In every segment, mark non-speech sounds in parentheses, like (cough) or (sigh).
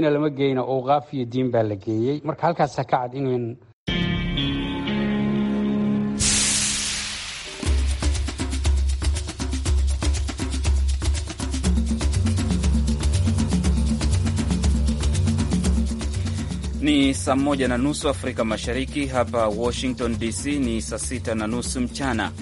lama geeyna ooqaaf iyo diin baa la geeyey marka halkaasa ka cad in ni saa moja na nusu Afrika Mashariki. Hapa Washington DC ni saa sita na nusu mchana.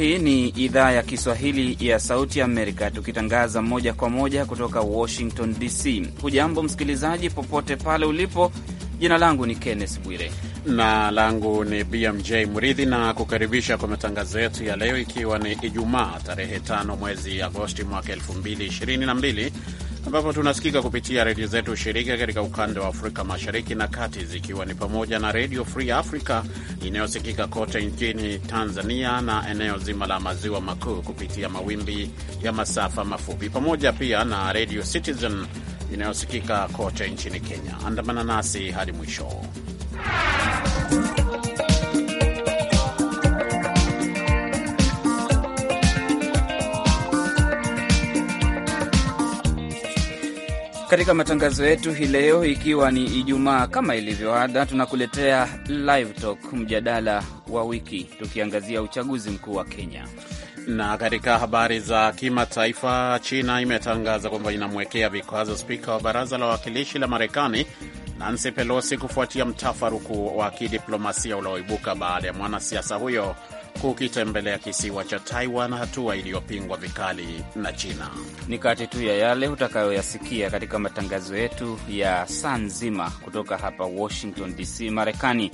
Hii ni idhaa ya Kiswahili ya Sauti Amerika, tukitangaza moja kwa moja kutoka Washington DC. Hujambo msikilizaji, popote pale ulipo. Jina langu ni Kenneth Bwire na langu ni BMJ Mridhi na kukaribisha kwa matangazo yetu ya leo, ikiwa ni Ijumaa tarehe 5 mwezi Agosti mwaka 2022 ambapo tunasikika kupitia redio zetu shirika katika ukanda wa Afrika Mashariki na Kati, zikiwa ni pamoja na Redio Free Africa inayosikika kote nchini Tanzania na eneo zima la maziwa makuu kupitia mawimbi ya masafa mafupi, pamoja pia na Redio Citizen inayosikika kote nchini Kenya. Andamana nasi hadi mwisho. katika matangazo yetu hii leo, ikiwa ni Ijumaa kama ilivyo ada, tunakuletea live talk, mjadala wa wiki, tukiangazia uchaguzi mkuu wa Kenya. Na katika habari za kimataifa, China imetangaza kwamba inamwekea vikwazo spika wa baraza la wawakilishi la Marekani Nancy Pelosi kufuatia mtafaruku wa kidiplomasia ulioibuka baada ya mwanasiasa huyo kukitembelea kisiwa cha Taiwan, hatua iliyopingwa vikali na China. Ni kati tu ya yale utakayoyasikia katika matangazo yetu ya saa nzima kutoka hapa Washington DC, Marekani.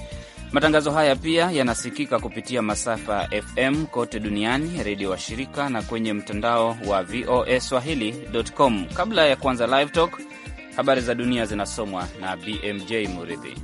Matangazo haya pia yanasikika kupitia masafa FM kote duniani, redio wa shirika na kwenye mtandao wa VOA Swahili.com. Kabla ya kuanza Live Talk, habari za dunia zinasomwa na BMJ Muridhi.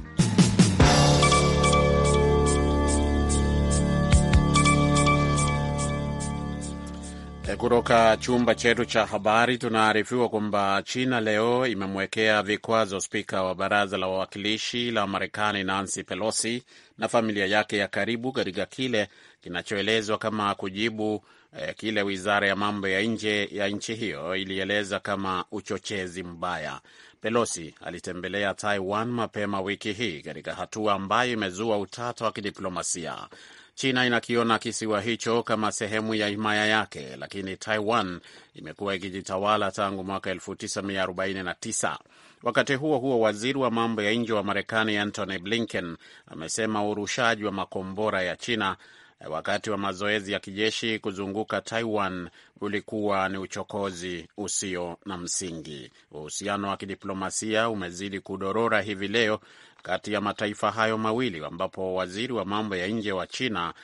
Kutoka chumba chetu cha habari tunaarifiwa kwamba China leo imemwekea vikwazo spika wa baraza la wawakilishi la Marekani Nancy Pelosi na familia yake ya karibu katika kile kinachoelezwa kama kujibu eh, kile wizara ya mambo ya nje ya nchi hiyo ilieleza kama uchochezi mbaya. Pelosi alitembelea Taiwan mapema wiki hii katika hatua ambayo imezua utata wa kidiplomasia. China inakiona kisiwa hicho kama sehemu ya himaya yake, lakini Taiwan imekuwa ikijitawala tangu mwaka 1949. Wakati huo huo, waziri wa mambo ya nje wa Marekani Antony Blinken amesema urushaji wa makombora ya China eh, wakati wa mazoezi ya kijeshi kuzunguka Taiwan ulikuwa ni uchokozi usio na msingi. Uhusiano wa kidiplomasia umezidi kudorora hivi leo kati ya mataifa hayo mawili ambapo waziri wa mambo ya nje wa China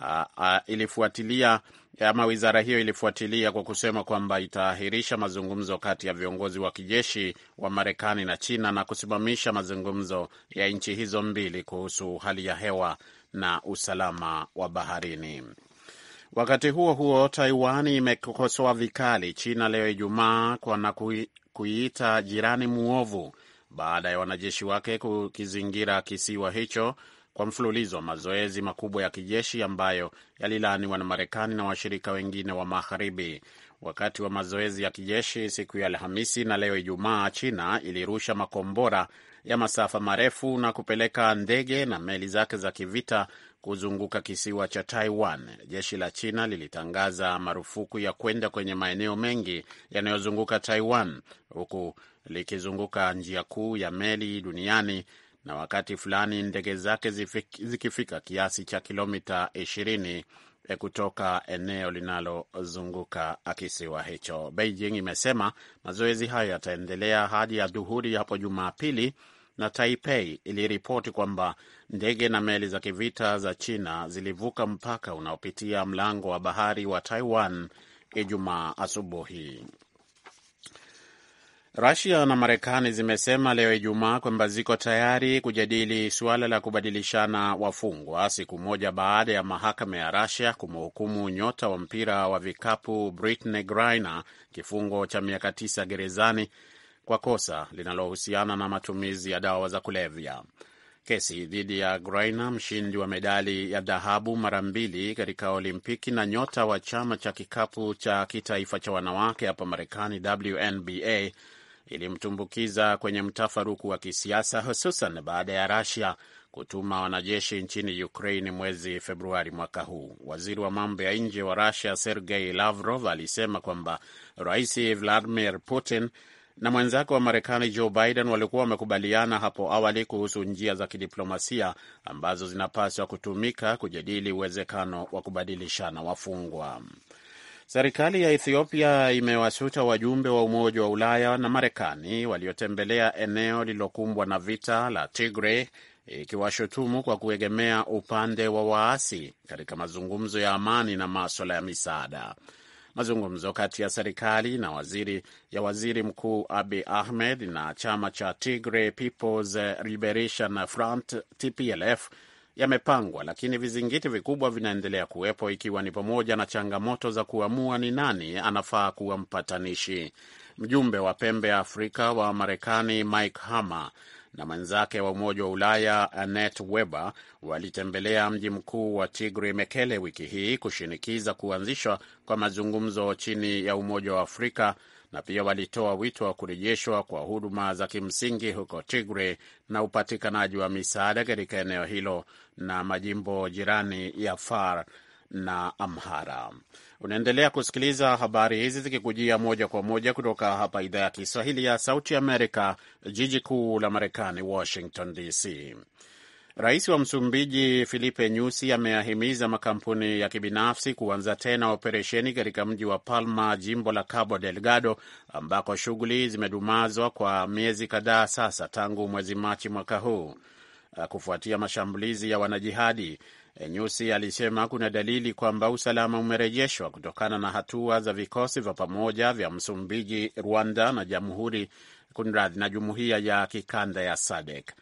a, a, ilifuatilia ama wizara hiyo ilifuatilia kwa kusema kwamba itaahirisha mazungumzo kati ya viongozi wa kijeshi wa Marekani na China na kusimamisha mazungumzo ya nchi hizo mbili kuhusu hali ya hewa na usalama wa baharini. Wakati huo huo, Taiwan imekosoa vikali China leo Ijumaa kwa na kuiita jirani mwovu baada ya wanajeshi wake kukizingira kisiwa hicho kwa mfululizo wa mazoezi makubwa ya kijeshi ambayo yalilaaniwa na Marekani na washirika wengine wa Magharibi. Wakati wa mazoezi ya kijeshi siku ya Alhamisi na leo Ijumaa, China ilirusha makombora ya masafa marefu na kupeleka ndege na meli zake za kivita kuzunguka kisiwa cha Taiwan. Jeshi la China lilitangaza marufuku ya kwenda kwenye maeneo mengi yanayozunguka Taiwan, huku likizunguka njia kuu ya meli duniani na wakati fulani ndege zake zikifika kiasi cha kilomita 20 kutoka eneo linalozunguka kisiwa hicho. Beijing imesema mazoezi hayo yataendelea hadi ya dhuhuri hapo Jumapili, na Taipei iliripoti kwamba ndege na meli za kivita za China zilivuka mpaka unaopitia mlango wa bahari wa Taiwan Ijumaa asubuhi. Rusia na Marekani zimesema leo Ijumaa kwamba ziko tayari kujadili suala la kubadilishana wafungwa siku moja baada ya mahakama ya Rusia kumhukumu nyota wa mpira wa vikapu Britney Griner kifungo cha miaka tisa gerezani kwa kosa linalohusiana na matumizi ya dawa za kulevya. Kesi dhidi ya Griner, mshindi wa medali ya dhahabu mara mbili katika Olimpiki na nyota wa chama cha kikapu cha kitaifa cha wanawake hapa Marekani, WNBA ilimtumbukiza kwenye mtafaruku wa kisiasa, hususan baada ya Russia kutuma wanajeshi nchini Ukraine mwezi Februari mwaka huu. Waziri wa mambo ya nje wa Russia Sergei Lavrov alisema kwamba Rais Vladimir Putin na mwenzake wa Marekani Joe Biden walikuwa wamekubaliana hapo awali kuhusu njia za kidiplomasia ambazo zinapaswa kutumika kujadili uwezekano wa kubadilishana wafungwa. Serikali ya Ethiopia imewashuta wajumbe wa Umoja wa Ulaya na Marekani waliotembelea eneo lililokumbwa na vita la Tigray ikiwashutumu kwa kuegemea upande wa waasi katika mazungumzo ya amani na maswala ya misaada. Mazungumzo kati ya serikali na waziri ya waziri mkuu abi Ahmed na chama cha Tigray People's Liberation Front TPLF yamepangwa, lakini vizingiti vikubwa vinaendelea kuwepo, ikiwa ni pamoja na changamoto za kuamua ni nani anafaa kuwa mpatanishi. Mjumbe wa pembe ya Afrika wa Marekani Mike Hammer na mwenzake wa Umoja wa Ulaya Annette Weber walitembelea mji mkuu wa Tigray Mekele wiki hii kushinikiza kuanzishwa kwa mazungumzo chini ya Umoja wa Afrika na pia walitoa wito wa kurejeshwa kwa huduma za kimsingi huko Tigre na upatikanaji wa misaada katika eneo hilo na majimbo jirani ya Far na Amhara. Unaendelea kusikiliza habari hizi zikikujia moja kwa moja kutoka hapa idhaa ya Kiswahili ya Sauti Amerika, jiji kuu la Marekani, Washington DC. Rais wa Msumbiji Filipe Nyusi ameyahimiza makampuni ya kibinafsi kuanza tena operesheni katika mji wa Palma, jimbo la Cabo Delgado, ambako shughuli zimedumazwa kwa miezi kadhaa sasa tangu mwezi Machi mwaka huu uh, kufuatia mashambulizi ya wanajihadi. Eh, Nyusi alisema kuna dalili kwamba usalama umerejeshwa kutokana na hatua za vikosi vya pamoja vya Msumbiji, Rwanda na jamhuri kunradhi, na jumuiya ya kikanda ya SADEK.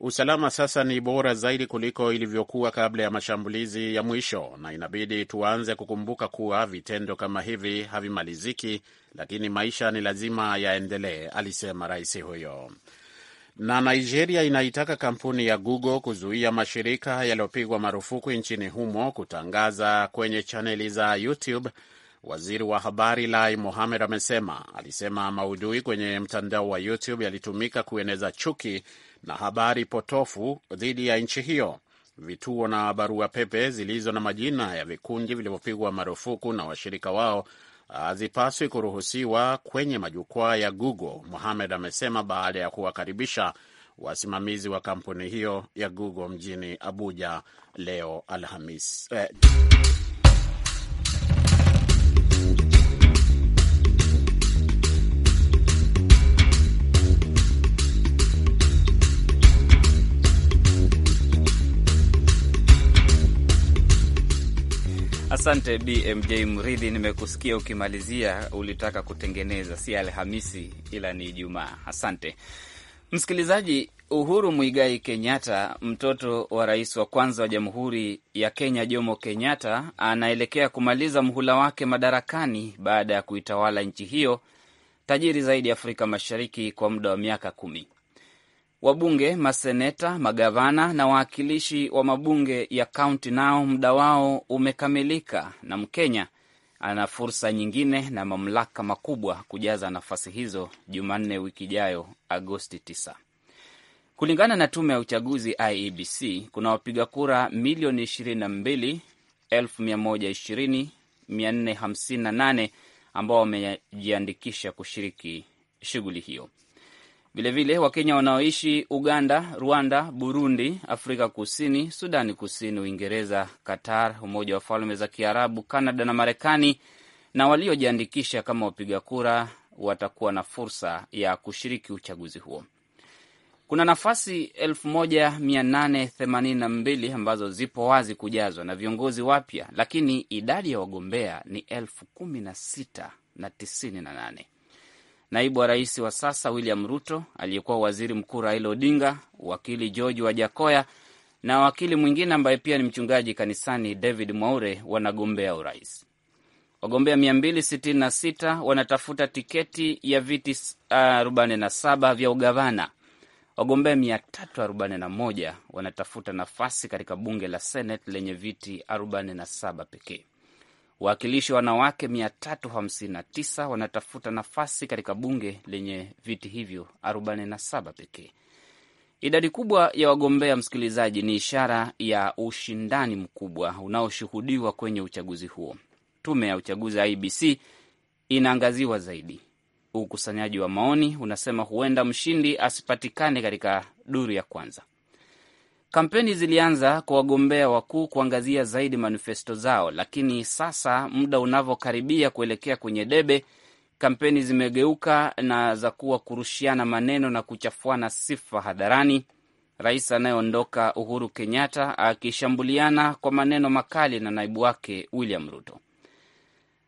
Usalama sasa ni bora zaidi kuliko ilivyokuwa kabla ya mashambulizi ya mwisho, na inabidi tuanze kukumbuka kuwa vitendo kama hivi havimaliziki, lakini maisha ni lazima yaendelee, alisema rais huyo. Na Nigeria inaitaka kampuni ya Google kuzuia mashirika yaliyopigwa marufuku nchini humo kutangaza kwenye chaneli za YouTube Waziri wa habari Lai Mohamed amesema alisema maudhui kwenye mtandao wa YouTube yalitumika kueneza chuki na habari potofu dhidi ya nchi hiyo. Vituo na barua pepe zilizo na majina ya vikundi vilivyopigwa marufuku na washirika wao hazipaswi kuruhusiwa kwenye majukwaa ya Google, Mohamed amesema baada ya kuwakaribisha wasimamizi wa kampuni hiyo ya Google mjini Abuja leo Alhamis eh. Asante BMJ Mridhi, nimekusikia ukimalizia, ulitaka kutengeneza si Alhamisi ila ni Ijumaa. Asante msikilizaji. Uhuru Muigai Kenyatta, mtoto wa rais wa kwanza wa Jamhuri ya Kenya Jomo Kenyatta, anaelekea kumaliza mhula wake madarakani baada ya kuitawala nchi hiyo tajiri zaidi Afrika Mashariki kwa muda wa miaka kumi. Wabunge, maseneta, magavana na wawakilishi wa mabunge ya kaunti nao muda wao umekamilika, na Mkenya ana fursa nyingine na mamlaka makubwa kujaza nafasi hizo Jumanne wiki ijayo, Agosti 9. Kulingana na tume ya uchaguzi IEBC, kuna wapiga kura milioni 22,120,458 ambao wamejiandikisha kushiriki shughuli hiyo. Vilevile Wakenya wanaoishi Uganda, Rwanda, Burundi, Afrika Kusini, Sudani Kusini, Uingereza, Qatar, Umoja wa Falme za Kiarabu, Kanada na Marekani na waliojiandikisha kama wapiga kura watakuwa na fursa ya kushiriki uchaguzi huo. Kuna nafasi 1882 ambazo zipo wazi kujazwa na viongozi wapya, lakini idadi ya wagombea ni 16098 naibu wa rais wa sasa William Ruto, aliyekuwa waziri mkuu Raila Odinga, wakili George Wajakoya na wakili mwingine ambaye pia ni mchungaji kanisani David Mwaure wanagombea urais. Wagombea 266 wanatafuta tiketi ya viti 47 vya ugavana. Wagombea 341 wanatafuta nafasi katika bunge la Senate lenye viti 47 pekee. Wawakilishi wanawake 359 wanatafuta nafasi katika bunge lenye viti hivyo 47 pekee. Idadi kubwa ya wagombea, msikilizaji, ni ishara ya ushindani mkubwa unaoshuhudiwa kwenye uchaguzi huo. Tume ya uchaguzi IBC inaangaziwa zaidi. Ukusanyaji wa maoni unasema huenda mshindi asipatikane katika duru ya kwanza. Kampeni zilianza kwa wagombea wakuu kuangazia zaidi manifesto zao, lakini sasa muda unavyokaribia kuelekea kwenye debe, kampeni zimegeuka na za kuwa kurushiana maneno na kuchafuana sifa hadharani, rais anayeondoka Uhuru Kenyatta akishambuliana kwa maneno makali na naibu wake William Ruto.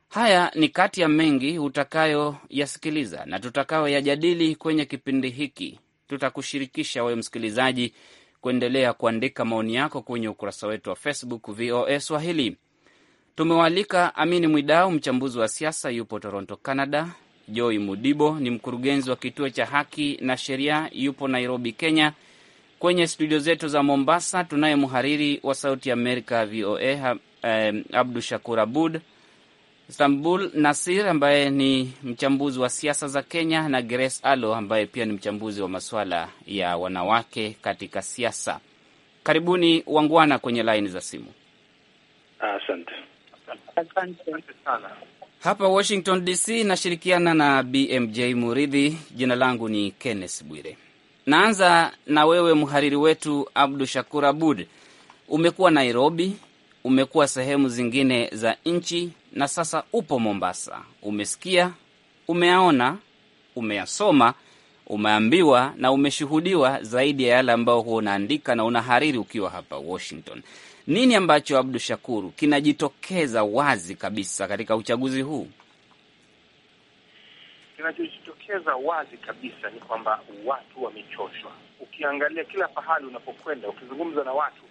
Haya ni kati ya mengi utakayoyasikiliza na tutakayoyajadili kwenye kipindi hiki. Tutakushirikisha wewe msikilizaji kuendelea kuandika maoni yako kwenye ukurasa wetu wa Facebook VOA Swahili. Tumewaalika Amini Mwidau, mchambuzi wa siasa, yupo Toronto, Canada. Joy Mudibo ni mkurugenzi wa kituo cha haki na sheria, yupo Nairobi, Kenya. Kwenye studio zetu za Mombasa tunaye mhariri wa Sauti ya Amerika VOA, eh, Abdu Shakur Abud. Istanbul Nasir ambaye ni mchambuzi wa siasa za Kenya na Grace Alo ambaye pia ni mchambuzi wa masuala ya wanawake katika siasa. Karibuni wangwana kwenye laini za simu. Asante. Asante Hapa Washington DC nashirikiana na BMJ Muridhi. Jina langu ni Kenneth Bwire. Naanza na wewe mhariri wetu Abdu Shakur Abud, umekuwa Nairobi, umekuwa sehemu zingine za nchi na sasa upo Mombasa. Umesikia, umeaona umeyasoma, umeambiwa na umeshuhudiwa zaidi ya yale ambayo huwa unaandika na unahariri ukiwa hapa Washington. Nini ambacho Abdu Shakuru kinajitokeza wazi kabisa katika uchaguzi huu? Kinachojitokeza wazi kabisa ni kwamba watu wamechoshwa. Ukiangalia kila pahali unapokwenda, ukizungumza na watu,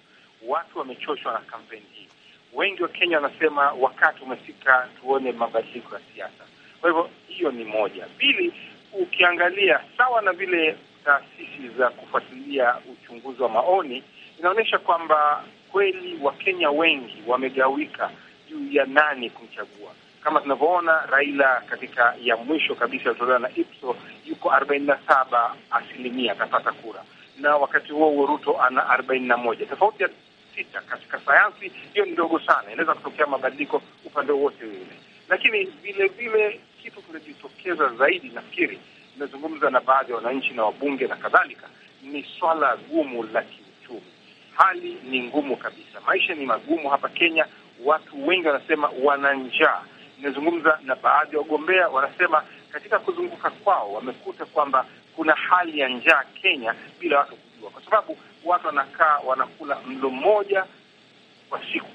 watu wamechoshwa na kampeni hii wengi wa Kenya wanasema wakati umefika tuone mabadiliko ya siasa. Kwa hivyo hiyo ni moja. Pili, ukiangalia sawa na vile taasisi za kufuatilia uchunguzi wa maoni inaonyesha kwamba kweli Wakenya wengi wamegawika juu ya nani kumchagua. Kama tunavyoona Raila katika ya mwisho kabisa yaliotolewa na Ipso yuko arobaini na saba asilimia atapata kura, na wakati huo huo Ruto ana arobaini na moja. Tofauti ya sita. Katika sayansi hiyo ni ndogo sana, inaweza kutokea mabadiliko upande wote ule, lakini vile vile kitu kinajitokeza zaidi, nafikiri nimezungumza na baadhi ya wananchi na wabunge na kadhalika, ni swala gumu la kiuchumi. Hali ni ngumu kabisa, maisha ni magumu hapa Kenya. Watu wengi wanasema wana njaa. Nimezungumza na baadhi ya wagombea, wanasema katika kuzunguka kwao wamekuta kwamba kuna hali ya njaa Kenya bila watu kujua, kwa sababu watu wanakaa wanakula mlo mmoja kwa siku.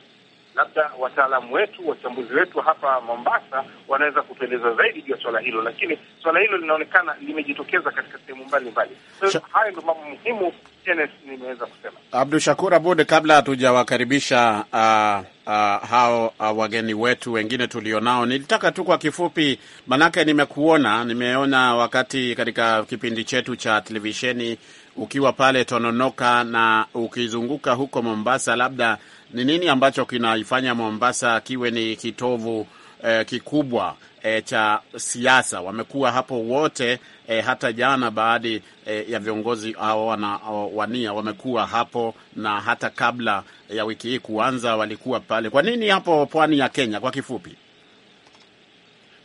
Labda wataalamu wetu, wachambuzi wetu hapa Mombasa wanaweza kutueleza zaidi juu ya swala hilo, lakini swala hilo linaonekana limejitokeza katika sehemu mbalimbali. Hayo ndio mambo muhimu nimeweza kusema. Abdu Shakur Abud, kabla hatujawakaribisha uh, uh, hao uh, wageni wetu wengine tulionao, nilitaka tu kwa kifupi, manake nimekuona, nimeona wakati katika kipindi chetu cha televisheni ukiwa pale Tononoka na ukizunguka huko Mombasa, labda ni nini ambacho kinaifanya Mombasa kiwe ni kitovu eh, kikubwa eh, cha siasa? Wamekuwa hapo wote eh, hata jana baadhi eh, ya viongozi hao wanawania wamekuwa hapo, na hata kabla ya wiki hii kuanza walikuwa pale. Kwa nini hapo pwani ya Kenya? Kwa kifupi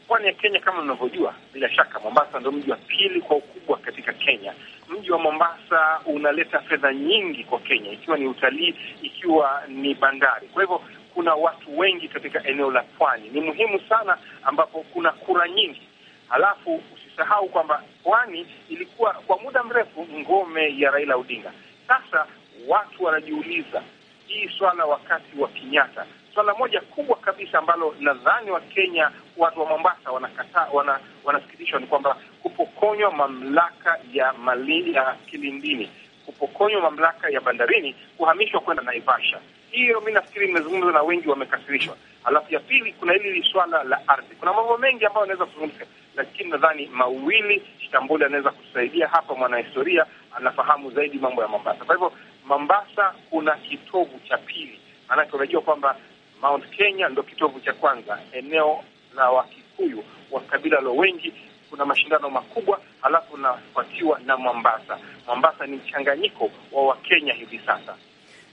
Pwani ya Kenya kama unavyojua, bila shaka Mombasa ndio mji wa pili kwa ukubwa katika Kenya, mji wa Mombasa unaleta fedha nyingi kwa Kenya, ikiwa ni utalii, ikiwa ni bandari. Kwa hivyo kuna watu wengi katika eneo la pwani, ni muhimu sana, ambapo kuna kura nyingi. Halafu usisahau kwamba pwani ilikuwa kwa muda mrefu ngome ya Raila Odinga. Sasa watu wanajiuliza hii swala wakati wa Kenyatta swala moja kubwa kabisa ambalo nadhani Wakenya watu wa Mombasa wanakataa, wana, wanasikitishwa ni kwamba kupokonywa mamlaka ya mali ya Kilindini, kupokonywa mamlaka ya bandarini, kuhamishwa kwenda Naivasha. Hiyo mi nafikiri nimezungumza na wengi wamekasirishwa. Alafu ya pili, kuna hili swala la ardhi. Kuna mambo mengi ambayo anaweza kuzungumza, lakini nadhani mawili Shitambuli anaweza kusaidia hapa, mwanahistoria anafahamu zaidi mambo ya Mombasa. Kwa hivyo Mombasa kuna kitovu cha pili, maanake unajua kwamba Mount Kenya ndo kitovu cha kwanza, eneo la Wakikuyu wa kabila lo wengi. Kuna mashindano makubwa, halafu unafuatiwa na Mombasa. Mombasa ni mchanganyiko wa Wakenya hivi sasa.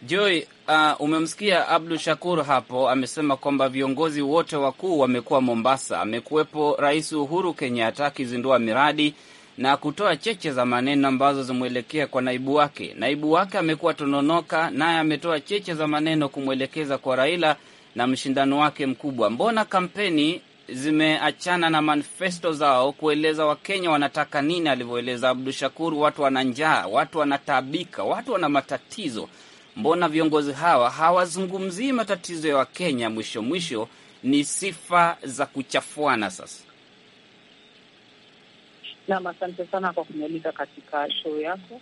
Joy, uh, umemsikia Abdu Shakur hapo amesema kwamba viongozi wote wakuu wamekuwa Mombasa. Amekuwepo Rais Uhuru Kenyatta akizindua miradi na kutoa cheche za maneno ambazo zimwelekea kwa naibu wake. Naibu wake amekuwa Tononoka, naye ametoa cheche za maneno kumwelekeza kwa Raila na mshindano wake mkubwa, mbona kampeni zimeachana na manifesto zao kueleza Wakenya wanataka nini? Alivyoeleza Abdu Shakur, watu wana njaa, watu wanataabika, watu wana matatizo. Mbona viongozi hawa hawazungumzii matatizo ya Wakenya? Mwisho mwisho ni sifa za kuchafuana. Sasa nam, asante sana kwa kunialika katika show yako.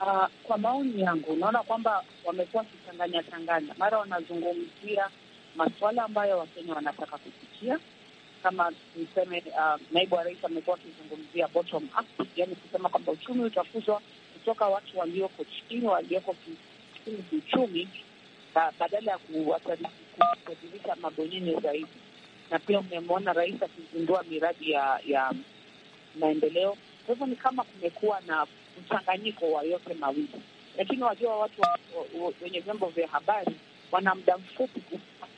Uh, kwa maoni yangu, unaona kwamba wamekuwa wakichanganya changanya, mara wanazungumzia masuala ambayo Wakenya wanataka kusikia. Kama niseme, uh, naibu wa rais amekuwa akizungumzia bottom up, kusema kwamba uchumi utakuzwa kutoka watu walioko chini, walioko chini kiuchumi, badala ya kuwatadirisha mabwenyenye zaidi. Na pia umemwona rais akizindua miradi ya ya maendeleo. Kwa hivyo ni kama kumekuwa na mchanganyiko wa yote mawili, lakini wajua watu wenye vyombo vya habari wana muda mfupi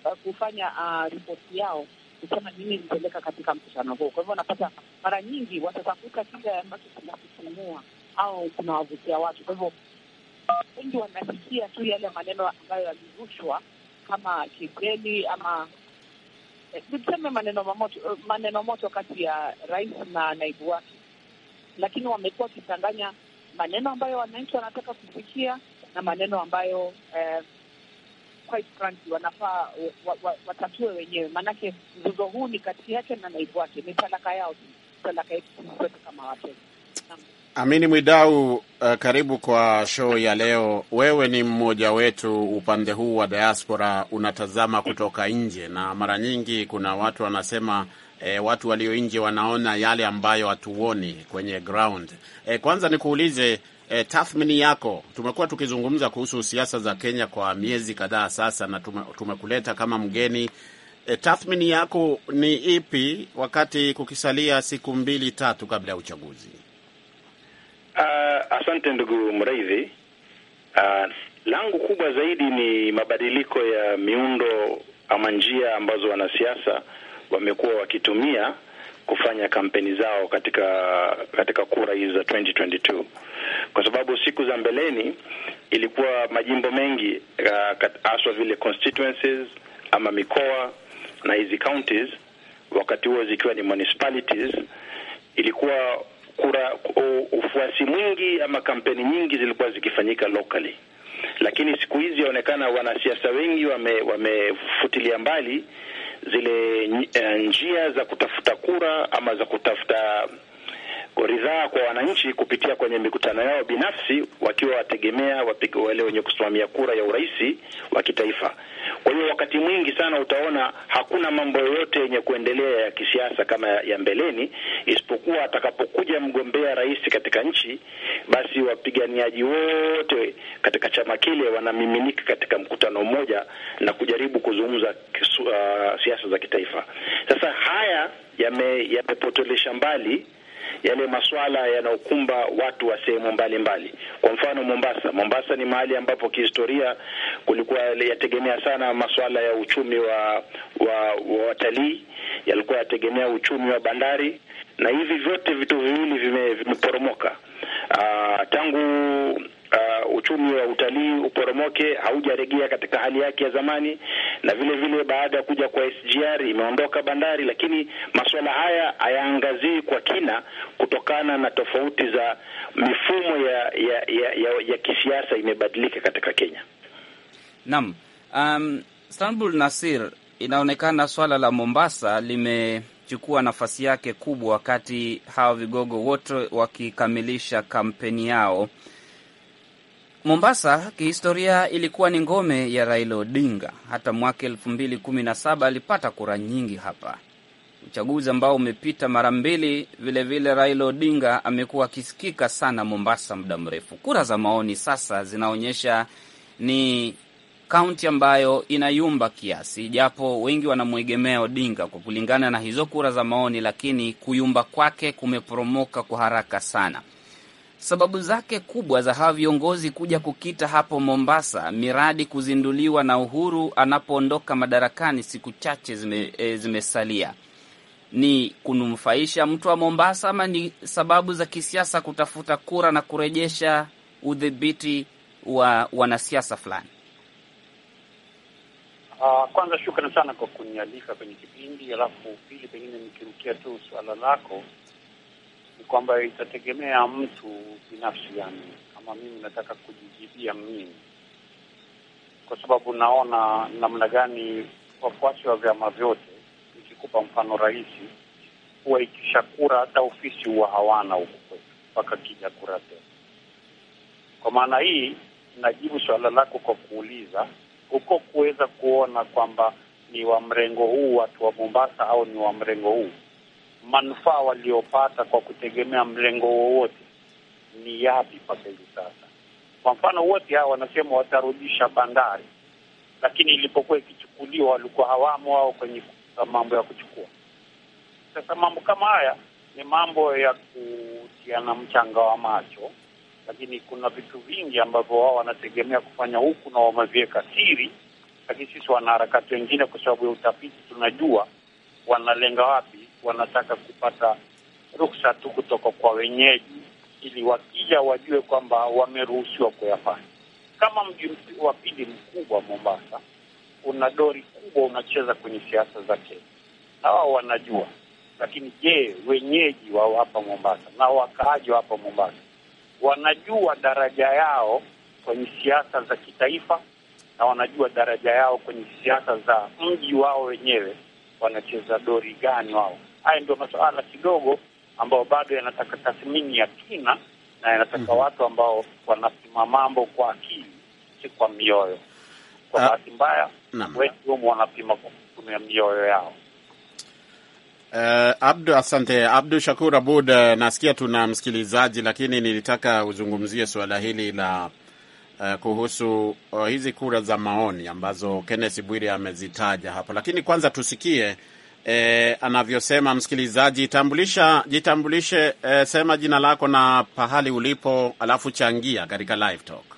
eh, kufanya uh, ripoti yao kusema nini ilipeleka katika mkutano huo. Kwa hivyo wanapata mara nyingi watatafuta kile ambacho kinakusumua au kunawavutia watu. Kwa hivyo wengi wanasikia tu yale maneno ambayo yalirushwa kama kigeli ama eh, niseme maneno mamoto, eh, maneno moto kati ya rais na naibu wake, lakini wamekuwa wakichanganya maneno ambayo wananchi wanataka kusikia na maneno ambayo eh, quite frankly, wanafaa watatue wa, wa wenyewe, maanake mzozo huu ni kati yake na naibu wake, ni talaka yao talaka yetu sote kama Wakenya. Amini Mwidau, uh, karibu kwa show ya leo. Wewe ni mmoja wetu, upande huu wa diaspora unatazama kutoka nje, na mara nyingi kuna watu wanasema eh, watu walio nje wanaona yale ambayo hatuoni kwenye ground. Eh, kwanza nikuulize E, tathmini yako, tumekuwa tukizungumza kuhusu siasa za Kenya kwa miezi kadhaa sasa na tumekuleta kama mgeni. E, tathmini yako ni ipi wakati kukisalia siku mbili tatu kabla ya uchaguzi? Uh, asante ndugu mraidhi Uh, ah, langu kubwa zaidi ni mabadiliko ya miundo ama njia ambazo wanasiasa wamekuwa wakitumia kufanya kampeni zao katika katika kura hizi za 2022 kwa sababu siku za mbeleni ilikuwa majimbo mengi eh, haswa uh, vile constituencies ama mikoa na hizi counties, wakati huo zikiwa ni municipalities, ilikuwa kura ufuasi mwingi ama kampeni nyingi zilikuwa zikifanyika locally, lakini siku hizi yaonekana wanasiasa wengi wamefutilia wame mbali zile eh, njia za kutafuta kura ama za kutafuta ridhaa kwa wananchi kupitia kwenye mikutano yao binafsi, wakiwa wategemea wapiga wale wenye kusimamia kura ya urais wa kitaifa. Kwa hiyo wakati mwingi sana utaona hakuna mambo yoyote yenye kuendelea ya kisiasa kama ya mbeleni, isipokuwa atakapokuja mgombea rais katika nchi, basi wapiganiaji wote katika chama kile wanamiminika katika mkutano mmoja na kujaribu kuzungumza uh, siasa za kitaifa. Sasa haya yamepotolesha yame mbali yale masuala yanayokumba watu wa sehemu mbalimbali. Kwa mfano Mombasa, Mombasa ni mahali ambapo kihistoria kulikuwa yategemea sana masuala ya uchumi wa wa, wa watalii, yalikuwa yategemea uchumi wa bandari, na hivi vyote vitu viwili vimeporomoka vime ah, tangu uh, uchumi wa utalii uporomoke, haujaregea katika hali yake ya zamani, na vile vile baada ya kuja kwa SGR imeondoka bandari, lakini masuala haya hayaangazii kwa kina kutokana na tofauti za mifumo ya, ya, ya, ya, ya kisiasa imebadilika katika Kenya. Naam, um, Istanbul Nasir, inaonekana swala la Mombasa limechukua nafasi yake kubwa, wakati hawa vigogo wote wakikamilisha kampeni yao Mombasa kihistoria ilikuwa ni ngome ya Raila Odinga. Hata mwaka elfu mbili kumi na saba alipata kura nyingi hapa, uchaguzi ambao umepita mara mbili. Vilevile Raila Odinga amekuwa akisikika sana Mombasa muda mrefu. Kura za maoni sasa zinaonyesha ni kaunti ambayo inayumba kiasi, japo wengi wanamwegemea Odinga kwa kulingana na hizo kura za maoni, lakini kuyumba kwake kumeporomoka kwa haraka sana. Sababu zake kubwa za hawa viongozi kuja kukita hapo Mombasa, miradi kuzinduliwa na Uhuru anapoondoka madarakani, siku chache zime, e, zimesalia ni kunumfaisha mtu wa Mombasa ama ni sababu za kisiasa kutafuta kura na kurejesha udhibiti wa wanasiasa fulani? Uh, kwanza shukran sana kwa kunialika kwenye kipindi, alafu pili, pengine nikirukia tu suala lako ni kwamba itategemea mtu binafsi, yani kama mimi nataka kujijibia mimi, kwa sababu naona namna gani wafuasi wa vyama vyote, nikikupa mfano rahisi, huwa ikishakura hata ofisi huwa hawana huku kwetu mpaka kija kura tena. Kwa maana hii najibu suala lako kwa kuuliza huko kuweza kuona kwamba ni wa mrengo huu watu wa Mombasa au ni wa mrengo huu manufaa waliopata kwa kutegemea mlengo wowote ni yapi mpaka hivi sasa. Kwa mfano, wote hawa wanasema watarudisha bandari, lakini ilipokuwa ikichukuliwa walikuwa hawamo wao kwenye mambo ya kuchukua. Sasa mambo kama haya ni mambo ya kutiana mchanga wa macho, lakini kuna vitu vingi ambavyo wao wanategemea kufanya huku na wameviweka siri, lakini sisi wanaharakati wengine, kwa sababu ya utafiti, tunajua wanalenga wapi, wanataka kupata ruksa tu kutoka kwa wenyeji, ili wakija wajue kwamba wameruhusiwa kuyafanya. Kama mji wa pili mkubwa Mombasa una dori kubwa, unacheza kwenye siasa za Kenya na wao wanajua, lakini je, wenyeji wao hapa Mombasa na wakaaji wa hapa Mombasa wanajua daraja yao kwenye siasa za kitaifa na wanajua daraja yao kwenye siasa za mji wao wenyewe wanacheza dori gani wao. Haya ndio masuala kidogo ambayo bado yanataka tathmini ya kina na yanataka mm -hmm. watu ambao wanapima mambo kwa akili, si kwa mioyo. Kwa ah. bahati mbaya, wengi humu wanapima kwa kutumia mioyo yao. Uh, Abdu, asante Abdu Shakur Abud. Uh, nasikia tuna msikilizaji, lakini nilitaka uzungumzie suala hili la uh, kuhusu uh, hizi kura za maoni ambazo Kenneth Bwire amezitaja hapo, lakini kwanza tusikie eh, anavyosema msikilizaji. tambulisha jitambulishe eh, sema jina lako na pahali ulipo, alafu changia katika live talk.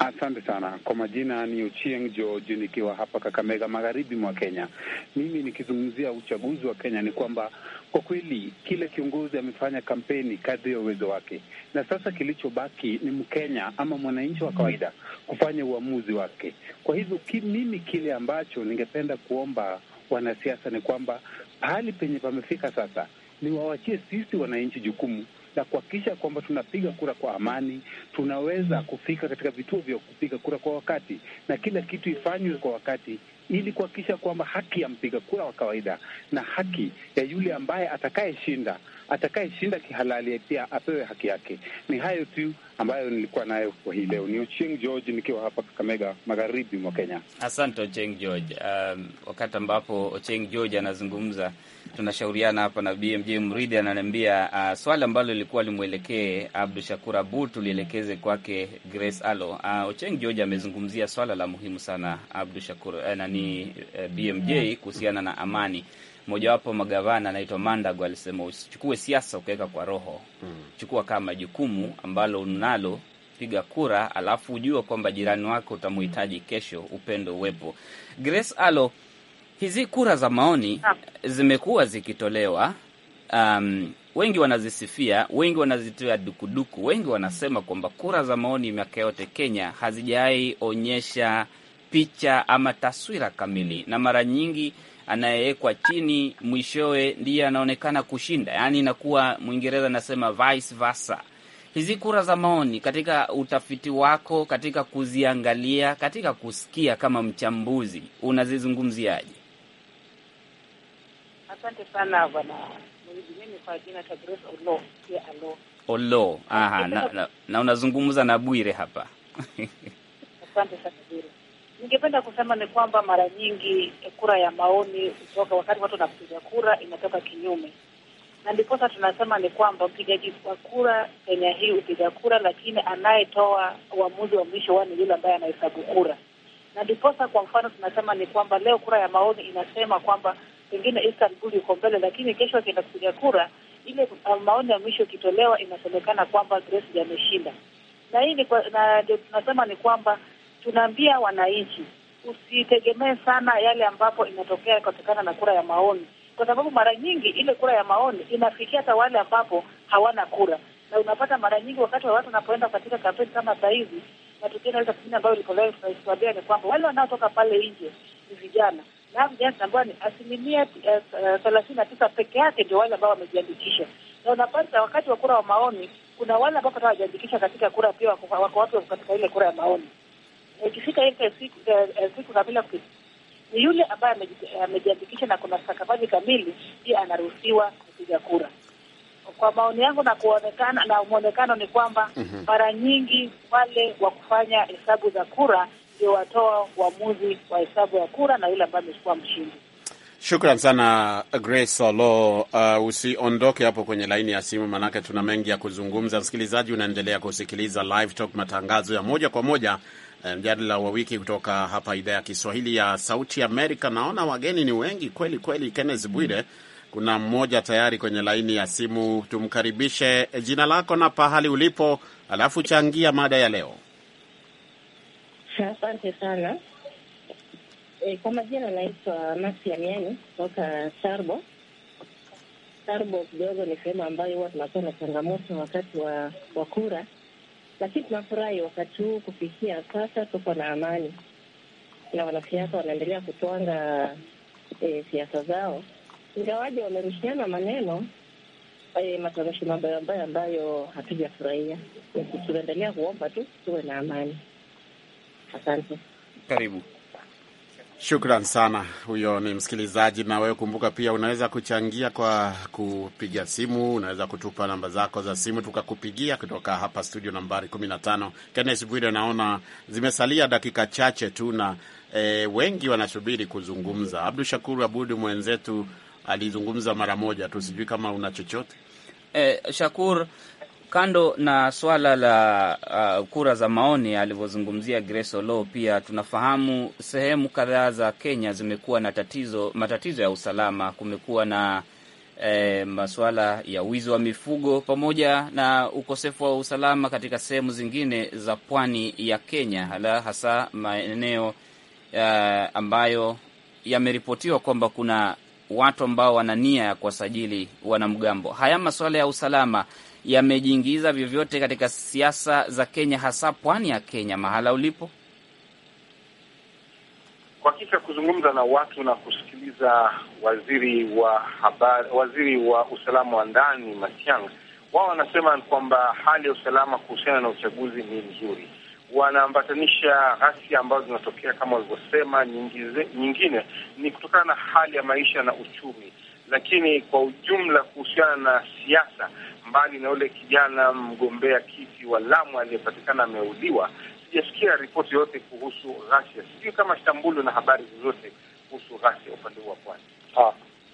Asante sana kwa majina, ni Uchieng George nikiwa hapa Kakamega, magharibi mwa Kenya. Mimi nikizungumzia uchaguzi wa Kenya ni kwamba kwa kweli kila kiongozi amefanya kampeni kadri ya uwezo wake, na sasa kilichobaki ni Mkenya ama mwananchi wa kawaida kufanya uamuzi wake. Kwa hivyo ki, mimi kile ambacho ningependa kuomba wanasiasa ni kwamba pahali penye pamefika sasa, ni wawachie sisi wananchi jukumu na kuhakikisha kwamba tunapiga kura kwa amani, tunaweza kufika katika vituo vya kupiga kura kwa wakati na kila kitu ifanywe kwa wakati ili kuhakikisha kwamba haki ya mpiga kura wa kawaida na haki ya yule ambaye atakayeshinda atakayeshinda kihalali pia apewe haki yake. Ni hayo tu ambayo nilikuwa nayo kwa hii leo. Ni Ocheng George nikiwa hapa Kakamega, magharibi mwa Kenya. Asante Ocheng George. Um, wakati ambapo Ocheng George anazungumza tunashauriana hapa na BMJ Mridhi ananiambia uh, swala ambalo lilikuwa limwelekee Abdu Shakur Abud tulielekeze kwake Grace Alo. Uh, ah, Ocheng George amezungumzia swala la muhimu sana Abdu Shakur uh, nani uh, eh, BMJ kuhusiana na amani. Mojawapo magavana anaitwa Mandago alisema usichukue siasa ukaweka kwa roho mm. Chukua kama jukumu ambalo unalo, piga kura, alafu ujua kwamba jirani wako utamuhitaji kesho, upendo uwepo. Grace Alo Hizi kura za maoni ah. zimekuwa zikitolewa, um, wengi wanazisifia, wengi wanazitia dukuduku, wengi wanasema kwamba kura za maoni miaka yote Kenya hazijai onyesha picha ama taswira kamili, na mara nyingi anayewekwa chini mwishowe ndiye anaonekana kushinda, yaani inakuwa Mwingereza anasema vice versa. Hizi kura za maoni, katika utafiti wako, katika kuziangalia, katika kusikia kama mchambuzi, unazizungumziaje? Asante sana bwana Mimi kwa jina ta Grace Olo Olo. Aha, na, na, na unazungumza na Bwire hapa (laughs) asante sana Bwire. Ningependa kusema ni kwamba mara nyingi eh, kura ya maoni kutoka wakati watu wanapiga kura inatoka kinyume, na ndiposa tunasema ni kwamba mpigaji wa kura Kenya hii upiga kura, lakini anayetoa uamuzi wa mwisho wani yule ambaye anahesabu kura, na ndiposa kwa mfano tunasema ni kwamba leo kura ya maoni inasema kwamba pengine Istanbul yuko mbele, lakini kesho akienda kupiga kura, ile um, maoni ya mwisho ikitolewa, inasemekana kwamba Grace ameshinda. Na hii ndio tunasema ni kwamba tunaambia wananchi usitegemee sana yale ambapo inatokea kutokana na kura ya maoni, kwa sababu mara nyingi ile kura ya maoni inafikia hata wale ambapo hawana kura, na unapata mara nyingi wakati wa watu wanapoenda katika kampeni kama saa hizi, na tukienda ile tathmini ambayo ilitolewa, tunaiambia ni kwamba wale wanaotoka pale nje ni vijana ambayo ni asilimia eh, eh, thelathini na tisa peke yake ndio wale ambao wamejiandikisha, na unapata wakati wa kura wa maoni kuna wale ambao hata hawajiandikisha katika kura, pia wako watu katika ile kura ya maoni. Ikifika ile siku eh, kabila ni yule ambaye amejiandikisha na kuna stakabadhi kamili, pia anaruhusiwa kupiga kura. Kwa maoni yangu na kuonekana na mwonekano ni kwamba mhm. mara mm -hmm. nyingi wale wa kufanya hesabu za kura ndio watoa uamuzi wa hesabu ya kura na yule ambaye amechukua mshindi. Shukran sana Grace Olo. Uh, usiondoke hapo kwenye laini ya simu, maanake tuna mengi ya kuzungumza. Msikilizaji, unaendelea kusikiliza Live Talk, matangazo ya moja kwa moja, eh, mjadala um, wa wiki kutoka hapa idhaa ya Kiswahili ya Sauti Amerika. Naona wageni ni wengi kweli kweli. Kenneth Bwire, kuna mmoja tayari kwenye laini ya simu, tumkaribishe. Eh, jina lako na pahali ulipo, alafu changia mada ya leo. Asante sana. E, kwa majina naitwa Maxi Amiani kutoka Sarbo. Sarbo kidogo ni sehemu ambayo huwa tunakuwa na changamoto wakati wa, wa kura, lakini tunafurahi wakati huu kufikia sasa tuko na amani na wanasiasa wanaendelea kutwanga e, siasa zao, ingawaje wamerushiana maneno e, matamshi mabaya ambayo hatujafurahia. Tunaendelea kuomba tu tuwe na amani. Asante, karibu. Shukran sana. Huyo ni msikilizaji, na wewe kumbuka pia unaweza kuchangia kwa kupiga simu. Unaweza kutupa namba zako za simu tukakupigia kutoka hapa studio nambari 15. Kenneth Bwire, naona zimesalia dakika chache tu na e, wengi wanasubiri kuzungumza. Abdu Shakur Abudu mwenzetu alizungumza mara moja tu, sijui kama una chochote e, Shakur Kando na swala la uh, kura za maoni alivyozungumzia Grace Oloo, pia tunafahamu sehemu kadhaa za Kenya zimekuwa na tatizo, matatizo ya usalama. Kumekuwa na eh, masuala ya wizi wa mifugo pamoja na ukosefu wa usalama katika sehemu zingine za pwani ya Kenya, hala hasa maeneo uh, ambayo yameripotiwa kwamba kuna watu ambao wana nia ya kuwasajili wanamgambo. Haya masuala ya usalama yamejiingiza vyovyote katika siasa za Kenya, hasa pwani ya Kenya mahala ulipo? Kwa hakika kuzungumza na watu na kusikiliza waziri wa habari, waziri wa usalama wa ndani Matiang, wao wanasema kwamba hali ya usalama kuhusiana na uchaguzi ni nzuri. Wanaambatanisha ghasia ambazo zinatokea kama walivyosema, nyingine ni kutokana na hali ya maisha na uchumi, lakini kwa ujumla kuhusiana na siasa, mbali na yule kijana mgombea kiti wa Lamu aliyepatikana ameuliwa, sijasikia ripoti yoyote kuhusu ghasia. Sijui kama shtambulu na habari zozote kuhusu ghasia upande huu wa pwani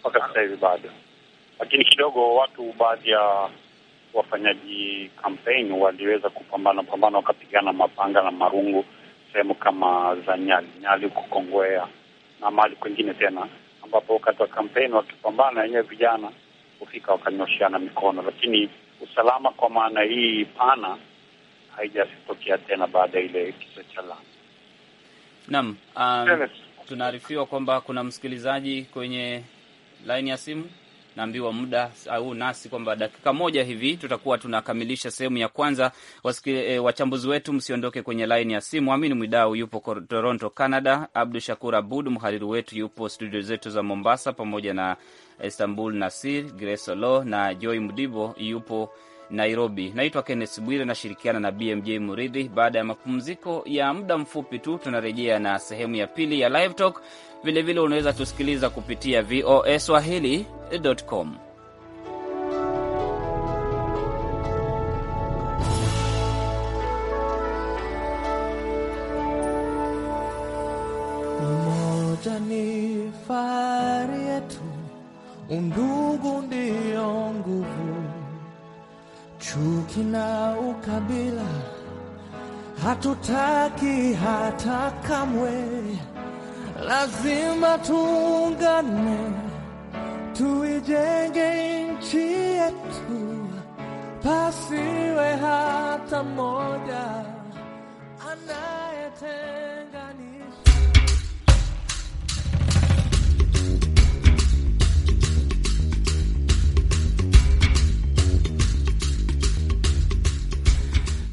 mpaka sasa hivi bado, lakini kidogo watu, baadhi ya wafanyaji kampeni waliweza kupambana pambana, wakapigana mapanga na marungu sehemu kama za Nyali Nyali huko na mahali kwengine tena ambapo wakati wa kampeni wakipambana wenyewe vijana hufika wakanyoshana mikono, lakini usalama kwa maana hii pana haijatokea tena baada ya ile kisa cha Lamu. Naam, um, tunaarifiwa kwamba kuna msikilizaji kwenye laini ya simu naambiwa muda au nasi kwamba dakika moja hivi tutakuwa tunakamilisha sehemu ya kwanza. E, wachambuzi wetu msiondoke kwenye laini ya simu. Amini Mwidau yupo Toronto, Canada. Abdu Shakur Abud mhariri wetu yupo studio zetu za Mombasa, pamoja na Istanbul Nasir Gresolo na Joy Mudibo yupo Nairobi. Naitwa Kenneth Bwire, nashirikiana na BMJ Muridhi. Baada ya mapumziko ya muda mfupi tu, tunarejea na sehemu ya pili ya Live Talk Vilevile unaweza tusikiliza kupitia VOA Swahili.com. Umoja ni fahari yetu, undugu ndiyo nguvu, chuki na ukabila hatutaki hata kamwe lazima tuungane, tuijenge nchi yetu, pasiwe hata mmoja anayetenganisha.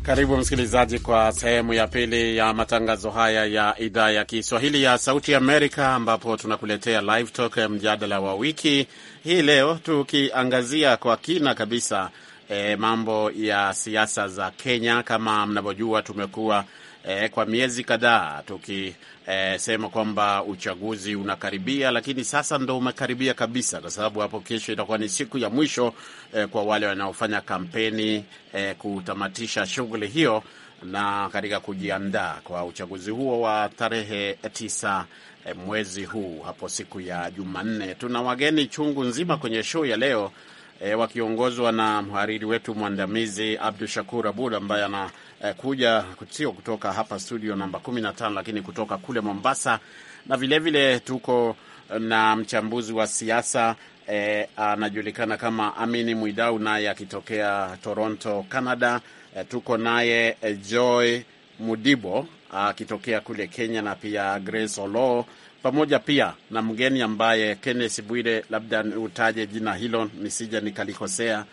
Karibu msikilizaji kwa sehemu ya pili ya matangazo haya ya idhaa ya Kiswahili ya Sauti Amerika, ambapo tunakuletea Live Talk, mjadala wa wiki hii leo, tukiangazia kwa kina kabisa e, mambo ya siasa za Kenya. Kama mnavyojua, tumekuwa e, kwa miezi kadhaa tuki e, sema kwamba uchaguzi unakaribia, lakini sasa ndo umekaribia kabisa, kwa sababu hapo kesho itakuwa ni siku ya mwisho e, kwa wale wanaofanya kampeni e, kutamatisha shughuli hiyo na katika kujiandaa kwa uchaguzi huo wa tarehe tisa mwezi huu hapo siku ya Jumanne. Tuna wageni chungu nzima kwenye show ya leo e, wakiongozwa na mhariri wetu mwandamizi Abdu Shakur Abud ambaye ana eh, kuja sio kutoka hapa studio namba 15 lakini kutoka kule Mombasa, na vilevile vile tuko eh, na mchambuzi wa siasa eh, anajulikana kama Amini Mwidau naye akitokea Toronto, Canada. Eh, tuko naye eh, Joy Mudibo akitokea ah, kule Kenya na pia Grace Olo pamoja pia na mgeni ambaye Kenneth Bwire, labda utaje jina hilo nisije nikalikosea.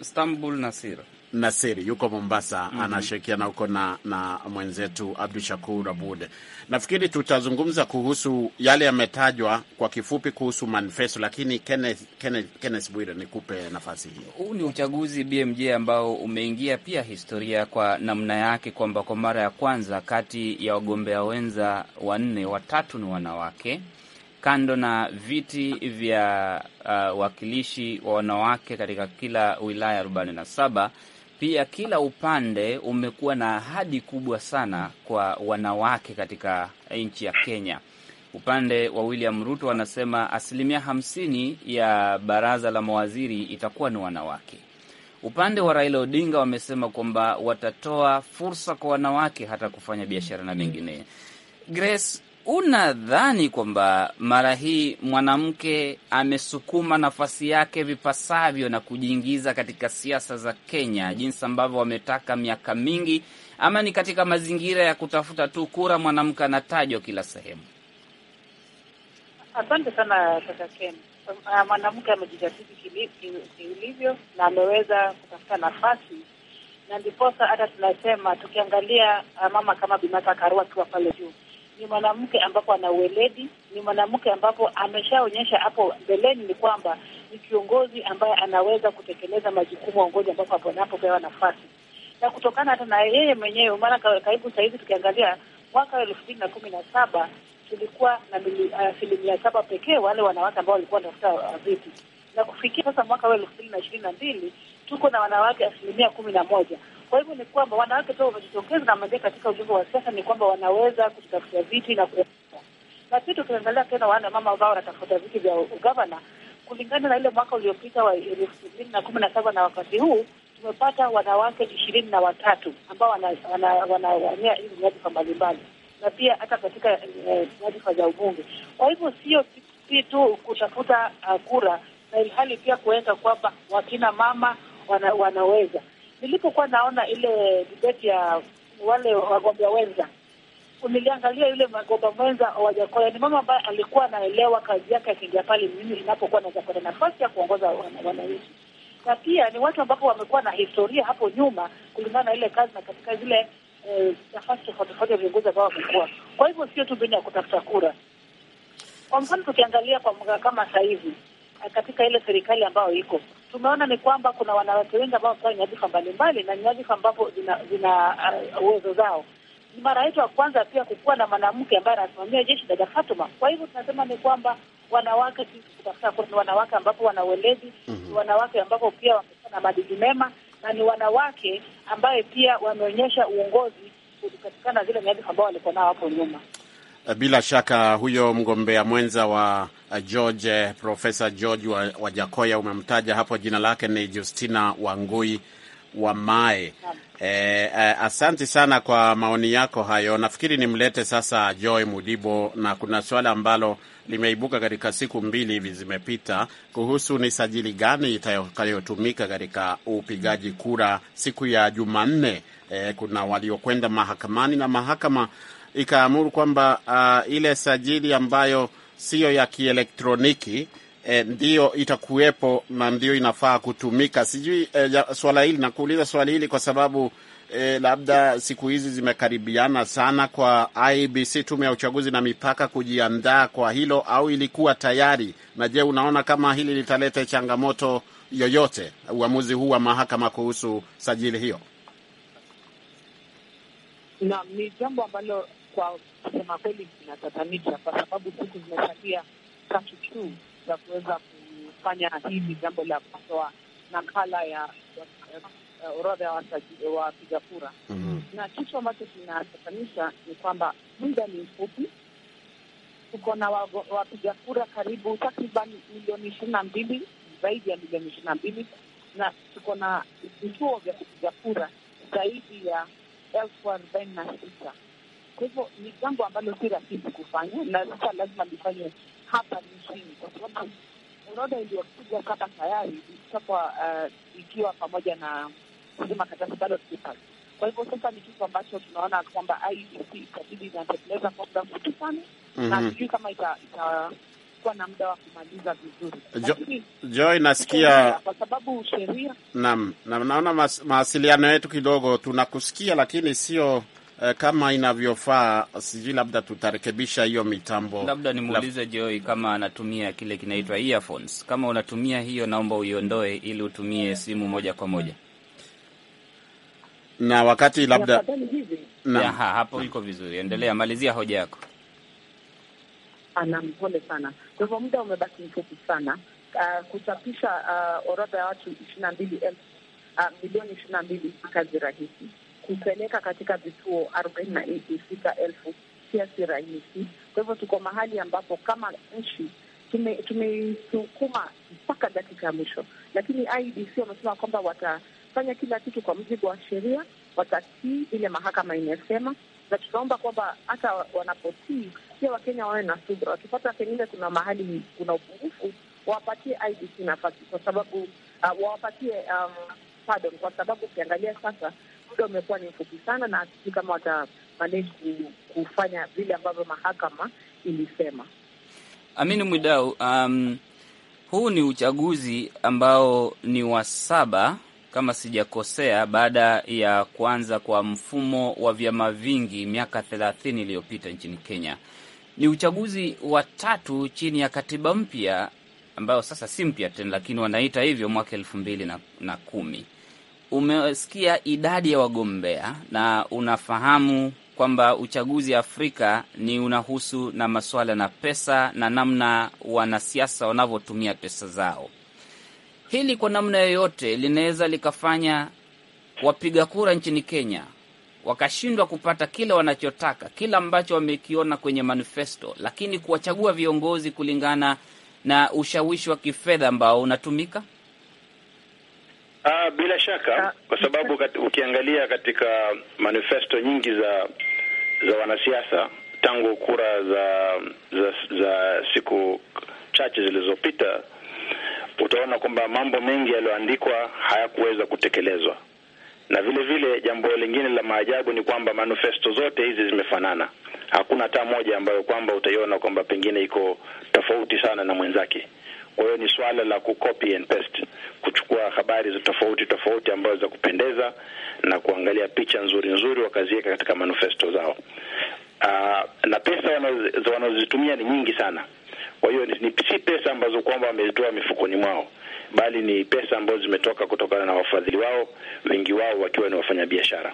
Istanbul Nasir Nasiri yuko Mombasa, mm -hmm. anashirikiana huko na, na mwenzetu Abdu Shakur Abud. Nafikiri tutazungumza kuhusu yale yametajwa kwa kifupi kuhusu manifesto, lakini Kenneth, Kenneth, Kenneth Bwire, nikupe nafasi hiyo. Huu ni uchaguzi BMJ ambao umeingia pia historia kwa namna yake kwamba kwa mara ya kwanza kati ya wagombea wenza wanne, watatu ni wanawake kando na viti vya uh, wakilishi wa wanawake katika kila wilaya 47 pia kila upande umekuwa na ahadi kubwa sana kwa wanawake katika nchi ya Kenya. Upande wa William Ruto anasema asilimia hamsini ya baraza la mawaziri itakuwa ni wanawake. Upande wa Raila Odinga wamesema kwamba watatoa fursa kwa wanawake hata kufanya biashara na mengineyo. Grace, unadhani kwamba mara hii mwanamke amesukuma nafasi yake vipasavyo na kujiingiza katika siasa za Kenya jinsi ambavyo wametaka miaka mingi, ama ni katika mazingira ya kutafuta tu kura, mwanamke anatajwa kila sehemu? Asante sana kaka Ken. Ah, mwanamke amejitahidi kiulivyo na ameweza kutafuta nafasi, na ndiposa hata tunasema tukiangalia ah, mama kama Binata Karua akiwa pale juu ni mwanamke ambapo ana uweledi, ni mwanamke ambapo ameshaonyesha hapo mbeleni ni kwamba ni kiongozi ambaye anaweza kutekeleza majukumu uongozi ambapo anapopewa nafasi, na kutokana hata na yeye mwenyewe, maana karibu sahizi tukiangalia mwaka wa elfu mbili na kumi na saba tulikuwa na uh, asilimia uh, saba pekee wale wanawake ambao walikuwa wanatafuta uh, viti, na kufikia sasa mwaka wa elfu mbili na ishirini na mbili tuko na wanawake asilimia kumi na moja. Kwa hivyo ni kwamba wanawake pia wamejitokeza na maangia katika ujumbe wa siasa, ni kwamba wanaweza kutafuta viti na ku na pia tukiangalia tena wana mama ambao wanatafuta viti vya ugavana kulingana na ile mwaka uliopita wa elfu mbili na kumi na saba na wakati huu tumepata wanawake ishirini na watatu ambao wanawania hizi nyadhifa mbalimbali na pia hata katika eh, nyadhifa za ubunge. Kwa hivyo sio si tu kutafuta ah, kura, na ilhali pia kuweka kwamba wakina mama wana, wanaweza nilipokuwa naona ile dibeti ya wale wagombea wenza, niliangalia yule mgombea mwenza Wajakoya ni mama ambaye alikuwa anaelewa kazi yake, akiingia pale mimi inapokuwa naweza kupata nafasi ya kuongoza wananchi, na pia ni watu ambapo wamekuwa na historia hapo nyuma kulingana na ile kazi na katika zile eh, nafasi tofauti tofauti ya viongozi ambao wamekuwa. Kwa hivyo sio tu mbinu ya kutafuta kura. Kwa mfano tukiangalia kwa mga kama sahizi katika ile serikali ambayo iko. Tumeona ni kwamba kuna wanawake wengi ambao wametoa nyadhifa mbalimbali na nyadhifa ambapo zina uh, uwezo uh, zao. Ni mara yetu ya kwanza pia kukuwa na mwanamke ambaye anasimamia jeshi, dada Fatuma. Kwa hivyo tunasema ni kwamba wanawake ni wanawake ambapo wana weledi mm -hmm. Ni mhm. wanawake ambapo pia wamekuwa na maadili mema na ni wanawake ambaye pia wameonyesha uongozi kupatikana zile nyadhifa ambao walikuwa nao hapo nyuma. Eh, bila shaka huyo mgombea mwenza wa eh, George, eh, Profesa George Wajakoya wa umemtaja hapo, jina lake ni Justina Wangui wa Mae. E, asante sana kwa maoni yako hayo. Nafikiri nimlete sasa Joy Mudibo, na kuna suala ambalo limeibuka katika siku mbili hivi zimepita kuhusu ni sajili gani itakayotumika katika upigaji kura siku ya Jumanne. E, kuna waliokwenda mahakamani na mahakama ikaamuru kwamba uh, ile sajili ambayo siyo ya kielektroniki E, ndiyo itakuwepo na ndiyo inafaa kutumika. Sijui e, swala hili nakuuliza swali hili kwa sababu e, labda siku hizi zimekaribiana sana kwa IBC, tume ya uchaguzi na mipaka, kujiandaa kwa hilo au ilikuwa tayari? Na je, unaona kama hili litaleta changamoto yoyote uamuzi huu wa mahakama kuhusu sajili hiyo? Naam, ni jambo ambalo kwa kusema kweli zinatatanisha, kwa sababu siku zimesalia tatu tu za kuweza kufanya hili jambo la kutoa nakala ya orodha ya wapiga kura. Mm-hmm. Na kitu ambacho kinatatanisha ni kwamba muda ni mfupi. Tuko na wapiga kura karibu takriban milioni ishirini na mbili, zaidi ya milioni ishirini na mbili, na tuko na vituo vya kupiga kura zaidi ya elfu arobaini na sita. Kwa hivyo ni jambo ambalo si rahisi kufanya na sasa lazima lifanywe hapa nchini, kwa sababu orodha iliyopigwa kama tayari itakuwa uh, ikiwa pamoja na huduma katasi bado papers. Kwa hivyo sasa ni kitu ambacho tunaona kwamba IEC itabidi inatekeleza kwa muda mfupi sana na mhm. sijui kama ita, ita na muda wa kumaliza Joy, nasikia kwa sababu sheria. Naam, naona mawasiliano yetu kidogo tunakusikia, lakini sio Eh, kama inavyofaa. Sijui labda tutarekebisha hiyo mitambo. Labda nimuulize Lab... Joy kama anatumia kile kinaitwa earphones. Kama unatumia hiyo, naomba uiondoe ili utumie simu moja kwa moja, na wakati labda na... ha, hapo iko vizuri, endelea, malizia hoja yako. Anampole ah, sana kwa hivyo, muda umebaki mfupi sana. Uh, kuchapisha uh, orodha ya watu ishirini na mbili elfu uh, milioni ishirini na mbili si kazi rahisi kupeleka katika vituo arobaini na sita elfu pia si rahisi. Kwa hivyo tuko mahali ambapo kama nchi tumeisukuma mpaka dakika ya mwisho, lakini IDC wamesema kwamba watafanya kila kitu kwa mujibu wa sheria, watatii ile mahakama imesema, na tunaomba kwamba hata wanapotii pia Wakenya wawe na subra, wakipata pengine kuna mahali kuna upungufu wawapatie IDC nafasi, kwa sababu uh, wawapatie um, pardon, kwa sababu ukiangalia sasa muda umekuwa ni mfupi sana, na sijui kama watamanage kufanya vile ambavyo mahakama ilisema. Amin Mwidau, um, huu ni uchaguzi ambao ni wa saba kama sijakosea, baada ya kuanza kwa mfumo wa vyama vingi miaka thelathini iliyopita nchini Kenya. Ni uchaguzi wa tatu chini ya katiba mpya ambayo sasa si mpya tena, lakini wanaita hivyo mwaka elfu mbili na, na kumi umesikia idadi ya wagombea na unafahamu kwamba uchaguzi Afrika ni unahusu na masuala na pesa na namna wanasiasa wanavyotumia pesa zao. Hili kwa namna yoyote linaweza likafanya wapiga kura nchini Kenya wakashindwa kupata kile wanachotaka, kila ambacho wamekiona kwenye manifesto, lakini kuwachagua viongozi kulingana na ushawishi wa kifedha ambao unatumika Ah, bila shaka ah. kwa sababu kat, ukiangalia katika manifesto nyingi za za wanasiasa tangu kura za za, za siku chache zilizopita utaona kwamba mambo mengi yaliyoandikwa hayakuweza kutekelezwa, na vile vile jambo lingine la maajabu ni kwamba manifesto zote hizi zimefanana. Hakuna hata moja ambayo kwamba utaiona kwamba pengine iko tofauti sana na mwenzake. Kwa hiyo ni swala la ku copy and paste, kuchukua habari za tofauti tofauti ambazo za kupendeza na kuangalia picha nzuri nzuri wakaziweka katika manifesto zao. Uh, na pesa wanazozitumia ni nyingi sana. Kwa hiyo ni si pesa ambazo kwamba wamezitoa mifukoni mwao, bali ni pesa ambazo zimetoka kutokana na wafadhili wao, wengi wao wakiwa ni wafanyabiashara.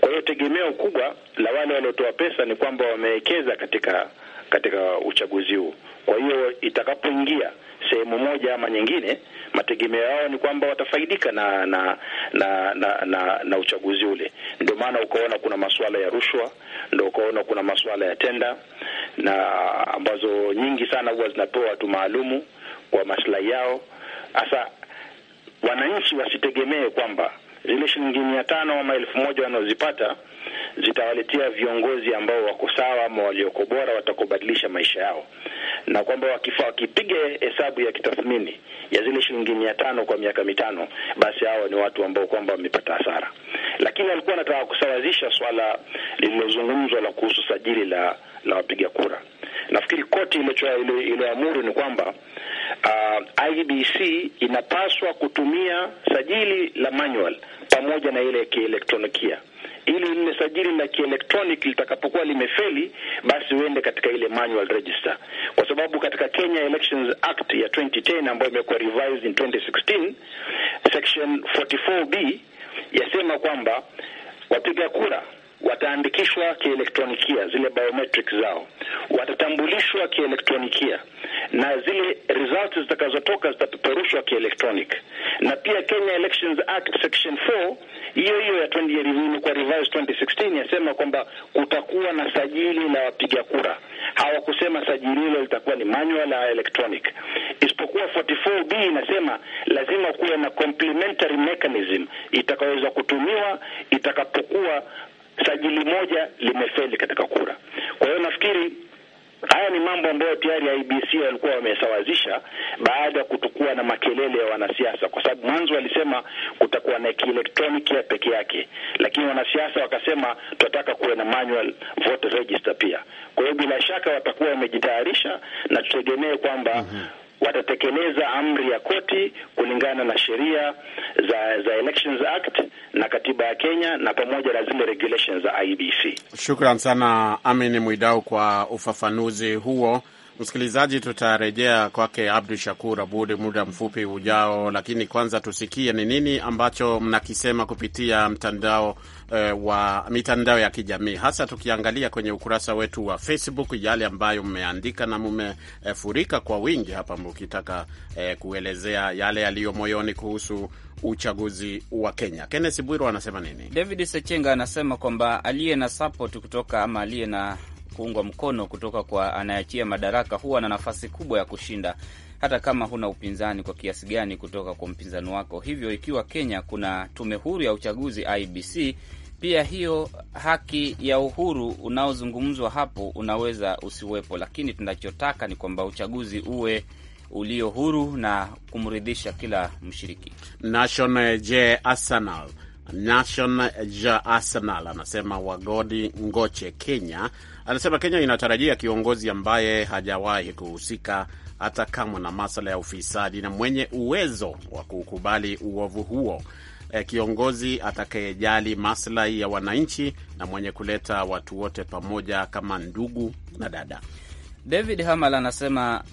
Kwa hiyo tegemeo kubwa la wale waliotoa pesa ni kwamba wamewekeza katika katika uchaguzi huu. Kwa hiyo itakapoingia sehemu moja ama nyingine, mategemeo yao ni kwamba watafaidika na na na na, na, na uchaguzi ule. Ndio maana ukaona kuna masuala ya rushwa, ndio ukaona kuna masuala ya tenda na ambazo nyingi sana huwa zinapewa watu maalumu kwa maslahi yao. Sasa wananchi wasitegemee kwamba zile shilingi mia tano ama elfu moja wanazozipata zitawaletea viongozi ambao wako sawa ama walioko bora watakobadilisha maisha yao, na kwamba wakifa wakipiga hesabu ya kitathmini ya zile shilingi mia tano kwa miaka mitano, basi hawa ni watu ambao kwamba wamepata hasara. Lakini alikuwa anataka kusawazisha swala lililozungumzwa la kuhusu sajili la la wapiga kura. Nafikiri koti iliyoamuru ni kwamba uh, IBC inapaswa kutumia sajili la manual pamoja na ile ya kielektronikia ili lile sajili la kielektroniki litakapokuwa limefeli basi uende katika ile manual register, kwa sababu katika Kenya Elections Act ya 2010 ambayo imekuwa revised in 2016 section 44B yasema kwamba wapiga kura wataandikishwa kielektronikia, zile biometric zao watatambulishwa kielektronikia, na zile results zitakazotoka zitapeperushwa kielektronic. Na pia Kenya Elections Act Section 4 hiyo hiyo ya 20 kwa revised 2016 yasema kwamba kutakuwa na sajili la wapiga kura. Hawakusema sajili hilo litakuwa ni manual au electronic, isipokuwa 44B inasema lazima kuwe na complementary mechanism itakaweza kutumiwa itakapokuwa sajili moja limefeli katika kura. Kwa hiyo nafikiri haya ni mambo ambayo tayari IBC walikuwa wamesawazisha baada ya kutokuwa na makelele ya wanasiasa, kwa sababu mwanzo walisema kutakuwa na kielektroniki ya peke yake, lakini wanasiasa wakasema tunataka kuwe na manual vote register pia. Kwa hiyo bila shaka watakuwa wamejitayarisha na tutegemee kwamba mm -hmm watatekeleza amri ya koti kulingana na sheria za, za Elections Act na katiba ya Kenya na pamoja na zile regulations za IBC. Shukran sana Amin Mwidau kwa ufafanuzi huo. Msikilizaji, tutarejea kwake Abdu Shakur Abud muda mfupi ujao, lakini kwanza tusikie ni nini ambacho mnakisema kupitia mtandao eh, wa mitandao ya kijamii, hasa tukiangalia kwenye ukurasa wetu wa Facebook yale ambayo mmeandika na mmefurika kwa wingi hapa mkitaka eh, kuelezea yale yaliyo moyoni kuhusu uchaguzi wa Kenya. Kenneth Bwiro anasema nini? David Sechenga anasema kwamba aliye na sapoti kutoka ama aliye na kuungwa mkono kutoka kwa anayeachia madaraka huwa na nafasi kubwa ya kushinda hata kama huna upinzani kwa kiasi gani kutoka kwa mpinzani wako. Hivyo ikiwa Kenya kuna tume huru ya uchaguzi IBC, pia hiyo haki ya uhuru unaozungumzwa hapo unaweza usiwepo, lakini tunachotaka ni kwamba uchaguzi uwe ulio huru na kumridhisha kila mshiriki. J Arsenal, J Arsenal anasema Wagodi Ngoche Kenya Anasema Kenya inatarajia kiongozi ambaye hajawahi kuhusika hata kamwe na masala ya ufisadi na mwenye uwezo wa kukubali uovu huo e, kiongozi atakayejali maslahi ya wananchi na mwenye kuleta watu wote pamoja kama ndugu na dada. David Hamal anasema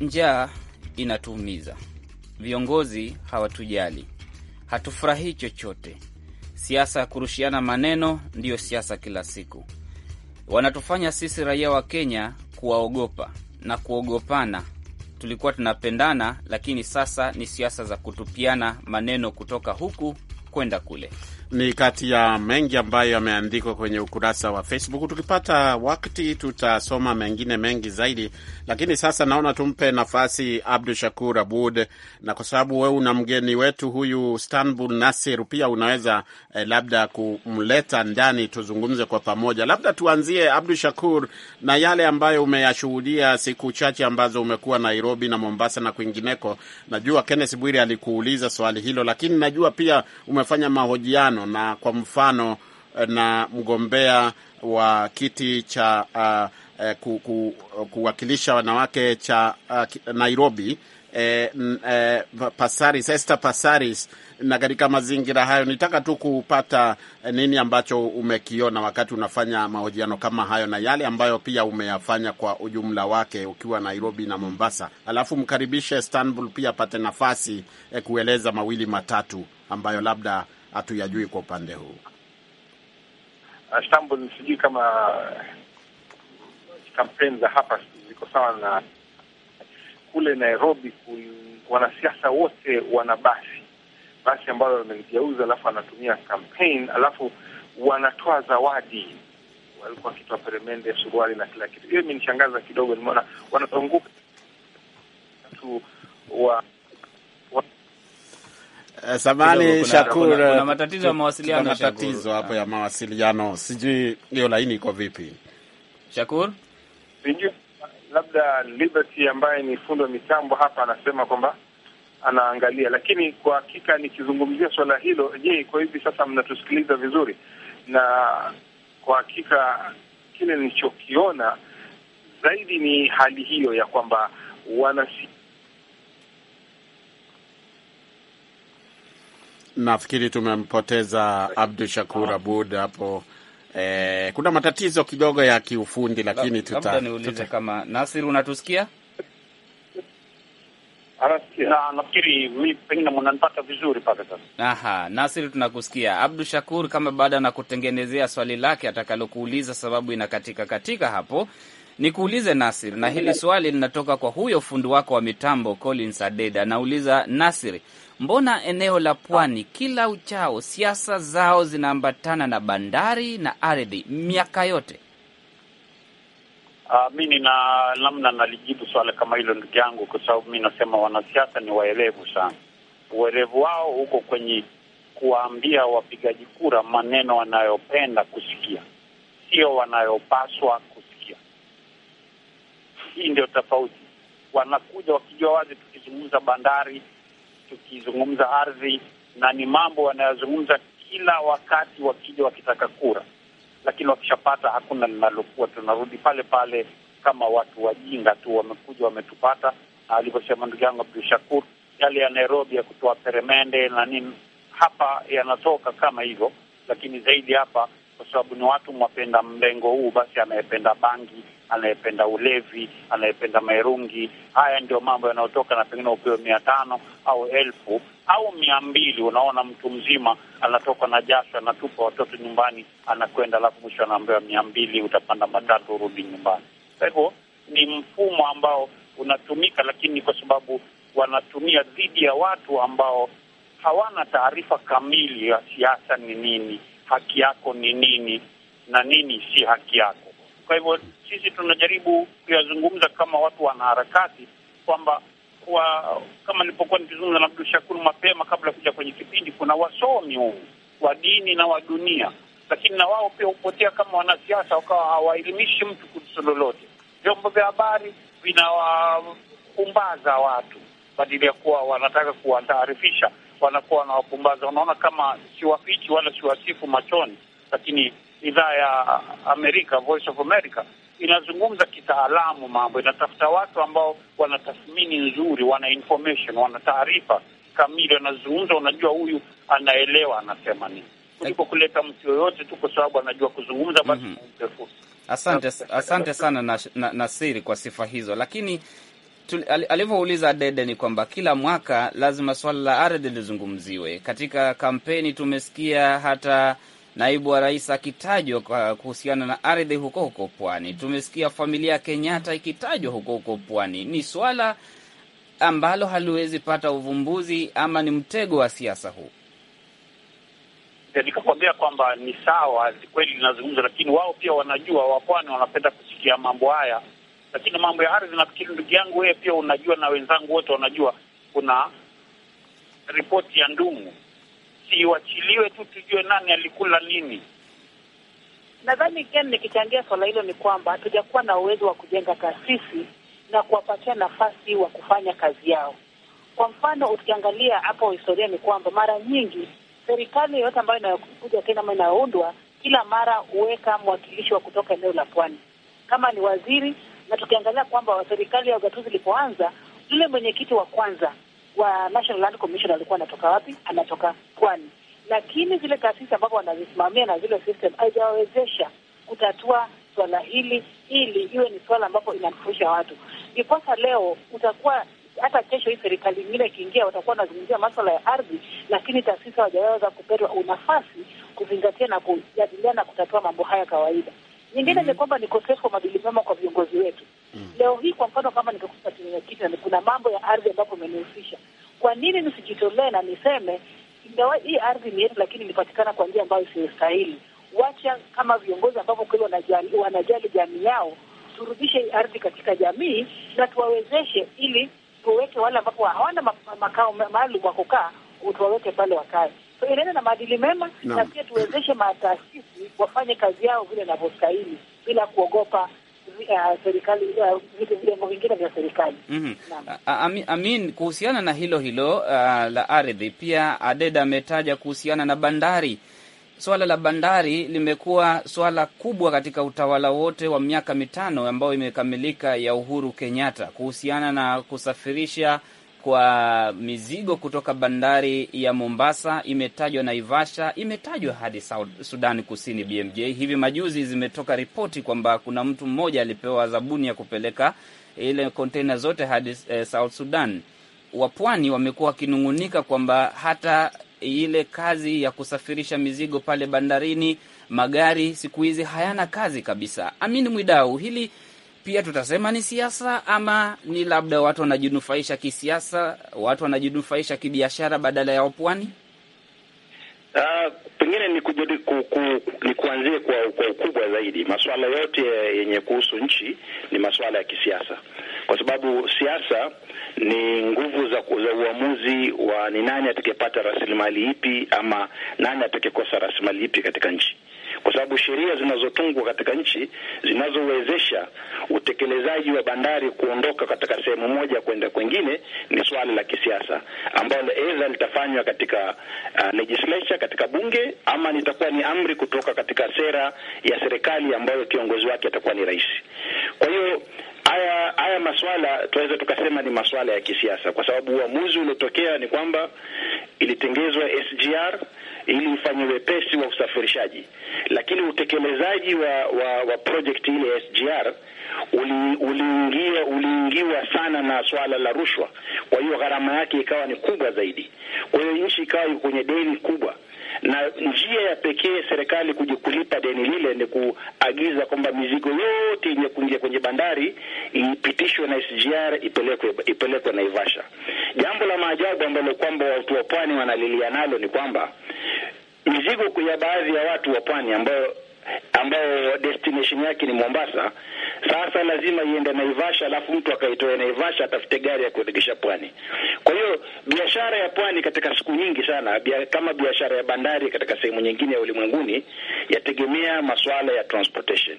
njaa inatuumiza, viongozi hawatujali, hatufurahii chochote. Siasa ya kurushiana maneno ndiyo siasa kila siku wanatufanya sisi raia wa Kenya kuwaogopa na kuogopana. Tulikuwa tunapendana, lakini sasa ni siasa za kutupiana maneno kutoka huku kwenda kule ni kati ya mengi ambayo yameandikwa kwenye ukurasa wa Facebook. Tukipata wakati tutasoma mengine mengi zaidi, lakini sasa naona tumpe nafasi Abdu Shakur Abud, na kwa sababu wewe una mgeni wetu huyu Stanbul Nasir, pia unaweza eh, labda kumleta ndani tuzungumze kwa pamoja. Labda tuanzie Abdu Shakur na yale ambayo umeyashuhudia siku chache ambazo umekuwa Nairobi na Mombasa na kwingineko. Najua Kenneth Bwiri alikuuliza swali hilo, lakini najua pia umefanya mahojiano na kwa mfano eh, na mgombea wa kiti cha uh, ku, ku, kuwakilisha wanawake cha uh, Nairobi eh, eh, Pasaris, Esther Pasaris. Na katika mazingira hayo nitaka tu kupata eh, nini ambacho umekiona wakati unafanya mahojiano kama hayo na yale ambayo pia umeyafanya kwa ujumla wake ukiwa Nairobi na Mombasa, alafu mkaribishe Istanbul pia apate nafasi eh, kueleza mawili matatu ambayo labda hatuyajui kwa upande huu. Istanbul, sijui kama kampeni za hapa ziko sawa na kule Nairobi. Wanasiasa wote wana basi basi ambalo wamelijeuza, alafu wanatumia campaign, alafu wanatoa zawadi, walikuwa wakitoa peremende, suruali na kila kitu. Hiyo imenishangaza kidogo, nimeona wanatunguka watu wa Eh, samani Shakur, kuna, kuna matatizo ya mawasiliano, matatizo hapo ya ah. mawasiliano, sijui hiyo laini iko vipi? Shakur, labda Liberty ambaye ni fundi wa mitambo hapa anasema kwamba anaangalia, lakini kwa hakika nikizungumzia swala hilo, je, kwa hivi sasa mnatusikiliza vizuri? Na kwa hakika kile nilichokiona zaidi ni hali hiyo ya kwamba wanasi Nafikiri tumempoteza Abdu Shakur Abud hapo. Eh, kuna matatizo kidogo ya kiufundi lakini tuta, tuta, niulize kama Nasir unatusikia? Nafikiri mimi Aha, Nasir tunakusikia. Abdu Shakur kama baada na kutengenezea swali lake atakalokuuliza, sababu inakatika katika hapo. Nikuulize Nasir, na hili swali linatoka kwa huyo fundi wako wa mitambo Collins Adeda. Nauliza Nasir Mbona eneo la pwani kila uchao siasa zao zinaambatana na bandari na ardhi miaka yote? Uh, mi nina namna nalijibu swala kama hilo ndugu yangu, kwa sababu mi nasema wanasiasa ni waelevu sana. Uelevu wao huko kwenye kuwaambia wapigaji kura maneno wanayopenda kusikia, sio wanayopaswa kusikia. Hii ndio tofauti. Wanakuja wakijua wazi, tukizungumza bandari tukizungumza ardhi, na ni mambo wanayozungumza kila wakati wakija wakitaka kura, lakini wakishapata hakuna linalokuwa. Tunarudi pale pale kama watu wajinga tu, wamekuja wametupata, na alivyosema ndugu yangu abdu Shakur, yale ya Nairobi ya kutoa peremende na nini hapa yanatoka kama hivyo, lakini zaidi hapa, kwa sababu ni watu mwapenda mlengo huu, basi anayependa bangi anayependa ulevi, anayependa mairungi. Haya ndio mambo yanayotoka, na pengine upewe mia tano au elfu au mia mbili. Unaona, mtu mzima anatoka na jasho, anatupa watoto nyumbani, anakwenda alafu mwisho anaambiwa mia mbili, utapanda matatu urudi nyumbani. Kwa hivyo ni mfumo ambao unatumika, lakini kwa sababu wanatumia dhidi ya watu ambao hawana taarifa kamili ya siasa ni nini, haki yako ni nini na nini si haki yako. Kwa hivyo sisi tunajaribu kuyazungumza kama watu wanaharakati kwamba kwa, kama nilipokuwa nikizungumza na Abdul Shakuru mapema kabla ya kuja kwenye kipindi, kuna wasomi huu wa dini na wa dunia, lakini na wao pia hupotea kama wanasiasa, wakawa hawaelimishi mtu kuhusu lolote. Vyombo vya habari vinawapumbaza watu badili ya kuwa wanataka kuwataarifisha, wanakuwa wanawapumbaza. Unaona, kama siwafichi wala siwasifu machoni, lakini idhaa ya Amerika, Voice of America, inazungumza kitaalamu mambo, inatafuta watu ambao wana tathmini nzuri, wana information, wana taarifa kamili, wanazungumza, unajua huyu anaelewa anasema nini, kuliko kuleta mtu yoyote tu kwa sababu anajua kuzungumza, basi mm -hmm. mpe fursa. Asante, asante sana na, na, Nasiri kwa sifa hizo, lakini alivyouliza Dede ni kwamba kila mwaka lazima swala la ardhi lizungumziwe katika kampeni. Tumesikia hata naibu wa rais akitajwa kuhusiana na ardhi huko huko pwani. Tumesikia familia ya Kenyatta ikitajwa huko huko pwani. Ni swala ambalo haliwezi pata uvumbuzi ama ni mtego wa siasa huu? Eh, nikakwambia kwamba ni sawa, kweli linazungumza, lakini wao pia wanajua, wapwani wanapenda kusikia mambo haya, lakini mambo ya ardhi, nafikiri ndugu yangu, wewe pia unajua na wenzangu wote wanajua, kuna ripoti ya ndumu iwachiliwe tu, tujue nani alikula nini. Nadhani Ken, nikichangia swala hilo ni kwamba hatujakuwa na uwezo wa kujenga taasisi na kuwapatia nafasi wa kufanya kazi yao. Kwa mfano, ukiangalia hapo historia ni kwamba mara nyingi serikali yoyote ambayo inayokuja tena ama inayoundwa kila mara huweka mwakilishi wa kutoka eneo la pwani kama ni waziri, na tukiangalia kwamba serikali ya ugatuzi ilipoanza, yule mwenyekiti wa kwanza wa National Land Commission alikuwa anatoka wapi? Anatoka pwani, lakini zile taasisi ambapo wanazisimamia na zile system haijawawezesha kutatua swala hili, ili iwe ni swala ambapo inanufaisha watu. Ndiposa leo utakuwa hata kesho hii serikali nyingine ikiingia, watakuwa wanazungumzia maswala ya ardhi, lakini taasisi hawajaweza kupewa nafasi kuzingatia na kujadiliana na kutatua mambo haya kawaida. Nyingine ni mm-hmm. kwamba ni kosefu wa maadili mema kwa viongozi wetu. Mm. Leo hii kwa mfano, kama nikakuta mwenyekiti na kuna mambo ya ardhi ambapo imenihusisha, kwa nini nisijitolee na niseme ingawa hii ardhi ni yetu, lakini ilipatikana kwa njia ambayo isiyostahili? Wacha kama viongozi ambapo kweli wanajali, wanajali jamii yao, turudishe hii ardhi katika jamii na tuwawezeshe, ili tuweke wale ambapo hawana makao maalum wa kukaa, tuwaweke pale wakazi tuendelee na maadili mema no. Na pia tuwezeshe mataasisi wafanye kazi yao vile inavyostahili bila kuogopa eh, serikali eh, vitu vingine vya serikali. Mhm. Amin, kuhusiana na hilo hilo uh, la ardhi, pia Adeda ametaja kuhusiana na bandari. Swala la bandari limekuwa swala kubwa katika utawala wote wa miaka mitano ambayo imekamilika ya Uhuru Kenyatta, kuhusiana na kusafirisha kwa mizigo kutoka bandari ya Mombasa, imetajwa Naivasha, imetajwa hadi Sudani Kusini. BMJ, hivi majuzi zimetoka ripoti kwamba kuna mtu mmoja alipewa zabuni ya kupeleka ile kontena zote hadi eh, South Sudan. Wapwani wamekuwa wakinung'unika kwamba hata ile kazi ya kusafirisha mizigo pale bandarini, magari siku hizi hayana kazi kabisa. Amini Mwidau, hili pia tutasema ni siasa ama ni labda watu wanajinufaisha kisiasa, watu wanajinufaisha kibiashara badala ya wapwani? Uh, pengine ni, ku, ku, ni kuanzie kwa, kwa ukubwa zaidi. Masuala yote yenye kuhusu nchi ni masuala ya kisiasa, kwa sababu siasa ni nguvu za, za uamuzi wa ni nani atakayepata rasilimali ipi ama nani atakayekosa rasilimali ipi katika nchi kwa sababu sheria zinazotungwa katika nchi zinazowezesha utekelezaji wa bandari kuondoka katika sehemu moja kwenda kwingine ni swala la kisiasa ambalo aidha litafanywa katika uh, legislature katika bunge ama litakuwa ni amri kutoka katika sera ya serikali ambayo kiongozi wake atakuwa ni rais. Kwa hiyo haya haya maswala tunaweza tukasema ni maswala ya kisiasa, kwa sababu uamuzi uliotokea ni kwamba ilitengezwa SGR ili ufanye wepesi wa usafirishaji, lakini utekelezaji wa, wa, wa project ile SGR uliingia uliingiwa sana na swala la rushwa, kwa hiyo gharama yake ikawa ni kubwa zaidi, kwa hiyo nchi ikawa kwenye deni kubwa na njia ya pekee serikali kuja kulipa deni lile ni kuagiza kwamba mizigo yote yenye kuingia kwenye bandari ipitishwe na SGR ipelekwe ipelekwe Naivasha. Jambo la maajabu ambalo kwamba watu wa pwani wanalilia nalo ni kwamba mizigo ya baadhi ya watu wa pwani ambao ambayo destination yake ni Mombasa. Sasa lazima iende Naivasha, alafu mtu akaitoa Naivasha atafute gari ya kuelekesha pwani. Kwa hiyo biashara ya pwani katika siku nyingi sana bia, kama biashara ya bandari katika sehemu nyingine ya ulimwenguni yategemea masuala ya transportation,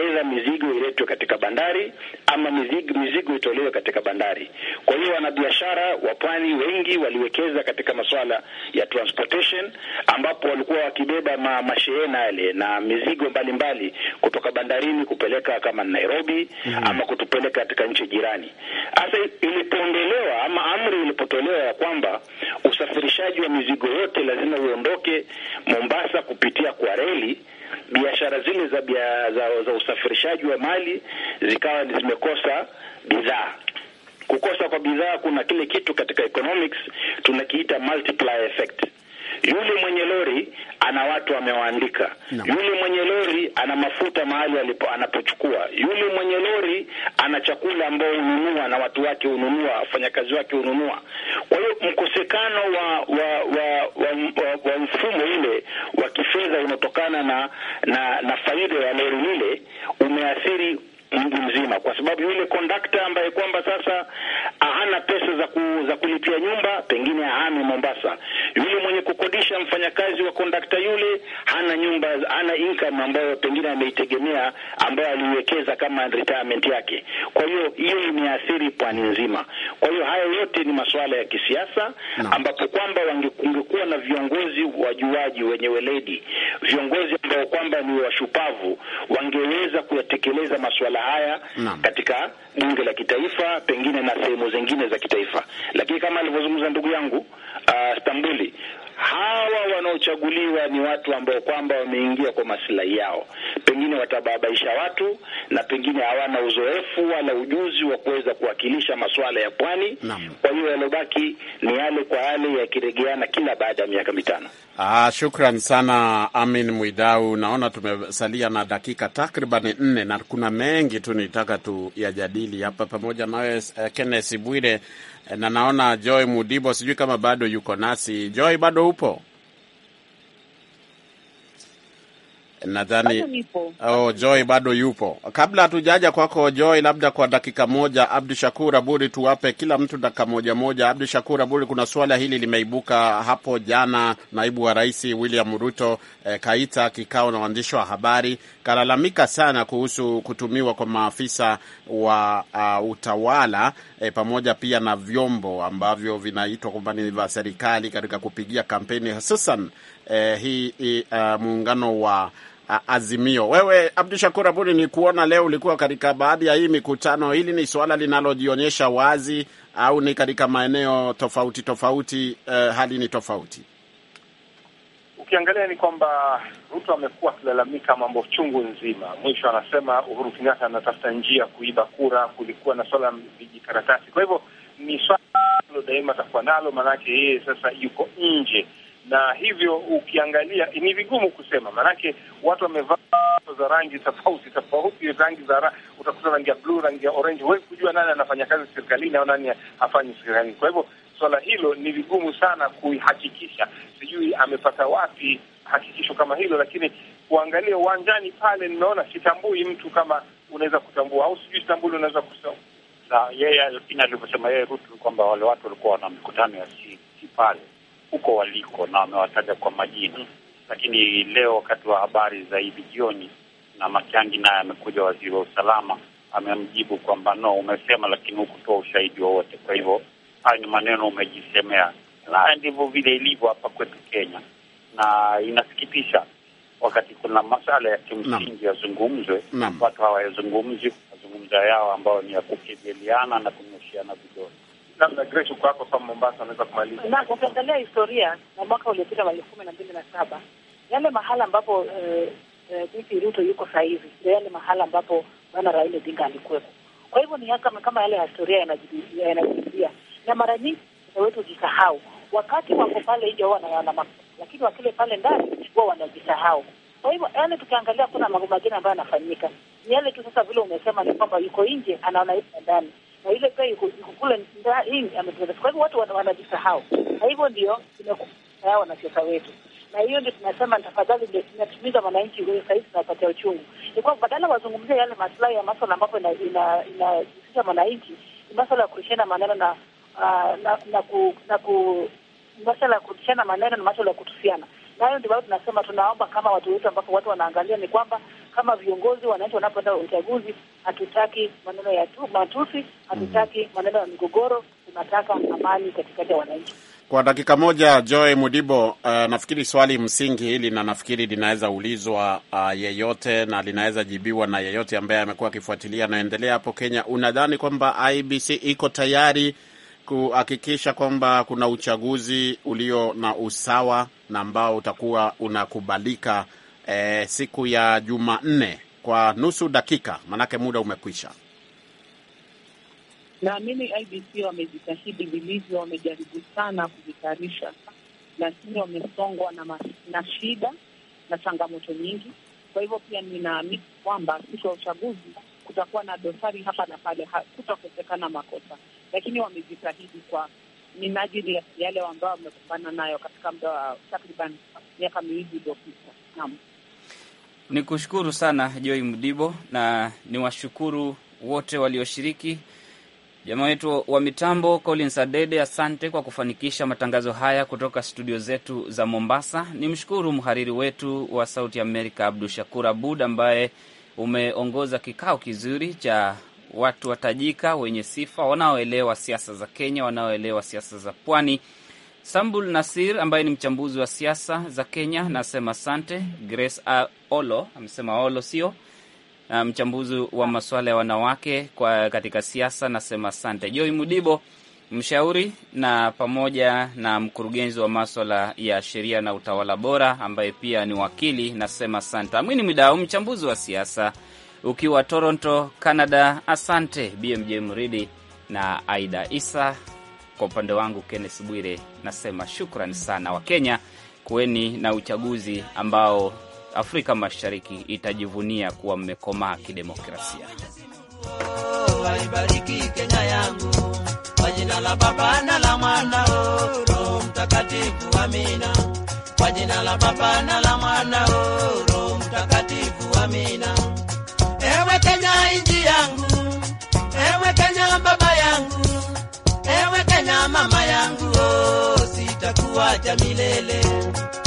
aidha mizigo iletwe katika bandari ama mizigo, mizigo itolewe katika bandari. Kwa hiyo wanabiashara wa pwani wengi waliwekeza katika masuala ya transportation, ambapo walikuwa wakibeba ma, mashehena yale na mizigo mizigo mbalimbali kutoka bandarini kupeleka kama Nairobi mm -hmm. ama kutupeleka katika nchi jirani. Hasa ilipoondolewa ama amri ilipotolewa ya kwamba usafirishaji wa mizigo yote lazima uondoke Mombasa kupitia kwa reli, biashara zile za, bia, za, za usafirishaji wa mali zikawa zimekosa bidhaa kukosa kwa bidhaa, kuna kile kitu katika economics tunakiita multiplier effect. Yule mwenye lori ana watu amewaandika, yule mwenye lori ana mafuta mahali alipo anapochukua, yule mwenye lori ana chakula ambao hununua na watu wake hununua, wafanyakazi wake hununua. Kwa hiyo mkosekano wa wa wa, wa, wa, wa mfumo ule wa kifedha unaotokana na na, na faida ya lori lile umeathiri mji mzima, kwa sababu yule kondakta ambaye kwamba sasa hana pesa za, ku, za kulipia nyumba pengine ahame Mombasa, yule mwenye kukodisha mfanyakazi wa kondakta yule hana nyumba, hana income ambayo pengine ameitegemea ambayo aliwekeza kama retirement yake. Kwa hiyo hiyo imeathiri pwani nzima. Kwa hiyo hayo yote ni masuala ya kisiasa no. ambapo kwamba wangekuwa na viongozi wajuaji wenye weledi, viongozi ambao kwamba ni washupavu, wangeweza kuyatekeleza masuala masuala haya na katika bunge la kitaifa pengine na sehemu zingine za kitaifa, lakini kama alivyozungumza ndugu yangu uh, Stambuli hawa wanaochaguliwa ni watu ambao kwamba wameingia kwa masilahi yao, pengine watababaisha watu na pengine hawana uzoefu wala ujuzi wa kuweza kuwakilisha masuala ya pwani. Kwa hiyo yalobaki ni yale kwa yale yakiregeana kila baada ya miaka mitano. Ah, shukran sana Amin Mwidau. Naona tumesalia na dakika takriban nne na kuna mengi tu nitaka tuyajadili hapa pamoja nawe, uh, Kenneth Bwire na naona Joy Mudibo, sijui kama bado yuko nasi. Joy, bado upo? nadhani oh, Joy bado yupo. Kabla hatujaja kwako Joy, labda kwa dakika moja, Abdu Shakur Aburi, tuwape kila mtu dakika moja moja. Abdu Shakur Aburi, kuna suala hili limeibuka hapo jana, naibu wa rais William Ruto eh, kaita kikao na waandishi wa habari, kalalamika sana kuhusu kutumiwa kwa maafisa wa uh, utawala eh, pamoja pia na vyombo ambavyo vinaitwa kwamba ni vya serikali katika kupigia kampeni hususan eh, hii uh, muungano wa Azimio. Wewe Abdu Shakur Abuni, ni kuona leo ulikuwa katika baadhi ya hii mikutano. Hili ni suala linalojionyesha wazi au ni katika maeneo tofauti tofauti, eh, hali ni tofauti? Ukiangalia ni kwamba Ruto amekuwa akilalamika mambo chungu nzima, mwisho anasema Uhuru Kenyatta anatafuta njia kuiba kura. Kulikuwa na swala vijikaratasi, kwa hivyo ni swala daima atakuwa nalo, maanake yeye sasa yuko nje na hivyo ukiangalia ni vigumu kusema, maanake watu wamevaa za rangi tofauti tofauti, rangi za utakuta rangi ya bluu, rangi ya orange. Huwezi kujua nani anafanya kazi serikalini au nani hafanyi serikalini. Kwa hivyo swala hilo ni vigumu sana kuihakikisha, sijui amepata wapi hakikisho kama hilo, lakini kuangalia uwanjani pale, nimeona sitambui mtu kama unaweza kutambua au sijui sitambuli, unaweza kusema yeye alivyosema yeye Rutu kwamba wale watu walikuwa wana mikutano ya si pale huko waliko na wamewataja kwa majina. Lakini leo wakati wa habari za hivi jioni, na Makiangi naye amekuja, waziri wa usalama amemjibu kwamba no, umesema lakini hukutoa ushahidi wowote. Kwa hivyo hayo ni maneno umejisemea, na ndivyo vile ilivyo hapa kwetu Kenya, na inasikitisha wakati kuna masala ya kimsingi yazungumzwe, watu hawayazungumzi, mazungumzo yao ambayo ni ya kukejeliana na kunyoshiana vidole namna Grace, uko hapo kama Mombasa, anaweza kumaliza na ukiangalia historia na mwaka uliopita wa elfu kumi na mbili na saba yale mahala ambapo eh, eh, Bibi uh, uh, Ruto yuko sasa hivi ndio yale mahala ambapo bwana Raila Odinga alikuwepo. Kwa hivyo ni kama kama yale historia yanajirudia yanajirudia, na mara nyingi wetu hujisahau wakati wako pale nje, wanaona mambo lakini wakile pale ndani wao wanajisahau. Kwa hivyo yale yaani tukiangalia, kuna mambo mengine ambayo yanafanyika ni yale tu. Sasa vile umesema ni kwamba yuko nje, anaona yuko ndani na ile pia iko kule ndani ametuwezesha. Kwa hivyo watu wanajisahau, na hivyo ndio tunakusahau wanasiasa wetu, na hiyo ndio tunasema tafadhali, ndio tunatumiza wananchi wewe. Sasa hivi tunapatia uchungu, ni kwa badala wazungumzie yale maslahi ya masuala ambapo inahusisha mwananchi, ni masuala ya kurishana maneno na ah, na na ku masuala ya kurishana maneno na masuala ya kutusiana Hayo ndio bado tunasema, tunaomba kama watu wetu, ambapo watu wanaangalia ni kwamba kama viongozi, wananchi wanapoenda uchaguzi, hatutaki maneno ya tu, matusi, hatutaki mm. maneno ya migogoro, tunataka amani katikati ya wananchi. Kwa dakika moja, Joy Mudibo, uh, nafikiri swali msingi hili na nafikiri linaweza ulizwa uh, yeyote na linaweza jibiwa na yeyote ambaye amekuwa akifuatilia anaendelea hapo Kenya. Unadhani kwamba IBC iko tayari kuhakikisha kwamba kuna uchaguzi ulio na usawa na ambao utakuwa unakubalika e, siku ya Jumanne kwa nusu dakika, maanake muda umekwisha. Naamini IBC wamejitahidi vilivyo, wamejaribu sana kujitayarisha, lakini wamesongwa na, na shida na changamoto nyingi. Kwa hivyo pia ninaamini kwamba siku ya uchaguzi kutakuwa na dosari hapa na pale, kutakosekana makosa, lakini wamejitahidi kwa minajili ya yale ambao wamekumbana nayo katika muda wa takriban miaka miwili iliyopita. Naam, ni kushukuru sana Joi Mdibo na ni washukuru wote walioshiriki Jamaa wetu wa mitambo Collins Adede, asante kwa kufanikisha matangazo haya kutoka studio zetu za Mombasa. Ni mshukuru mhariri wetu wa Sauti Amerika Abdu Shakur Abud ambaye umeongoza kikao kizuri cha watu watajika wenye sifa wanaoelewa siasa za Kenya, wanaoelewa siasa za pwani. Sambul Nasir ambaye ni mchambuzi wa siasa za Kenya nasema sante Grace Olo amesema Olo sio mchambuzi wa masuala ya wanawake kwa katika siasa, nasema sante Joy Mudibo mshauri na pamoja na mkurugenzi wa maswala ya sheria na utawala bora ambaye pia ni wakili. Nasema asante Amwini Mwidau, mchambuzi wa siasa ukiwa Toronto, Canada. Asante BMJ mridi na Aida Isa. Kwa upande wangu kennes Bwire nasema shukran sana. Wakenya, kuweni na uchaguzi ambao Afrika Mashariki itajivunia kuwa mmekomaa kidemokrasia. Kwa jina la Baba na la Mwana, oh, Roho Mtakatifu, amina. Kwa jina la Baba na la Mwana, oh, Roho Mtakatifu, amina. Ewe Kenya inji yangu, ewe Kenya baba yangu, ewe Kenya mama yangu, oh, sitakuacha milele.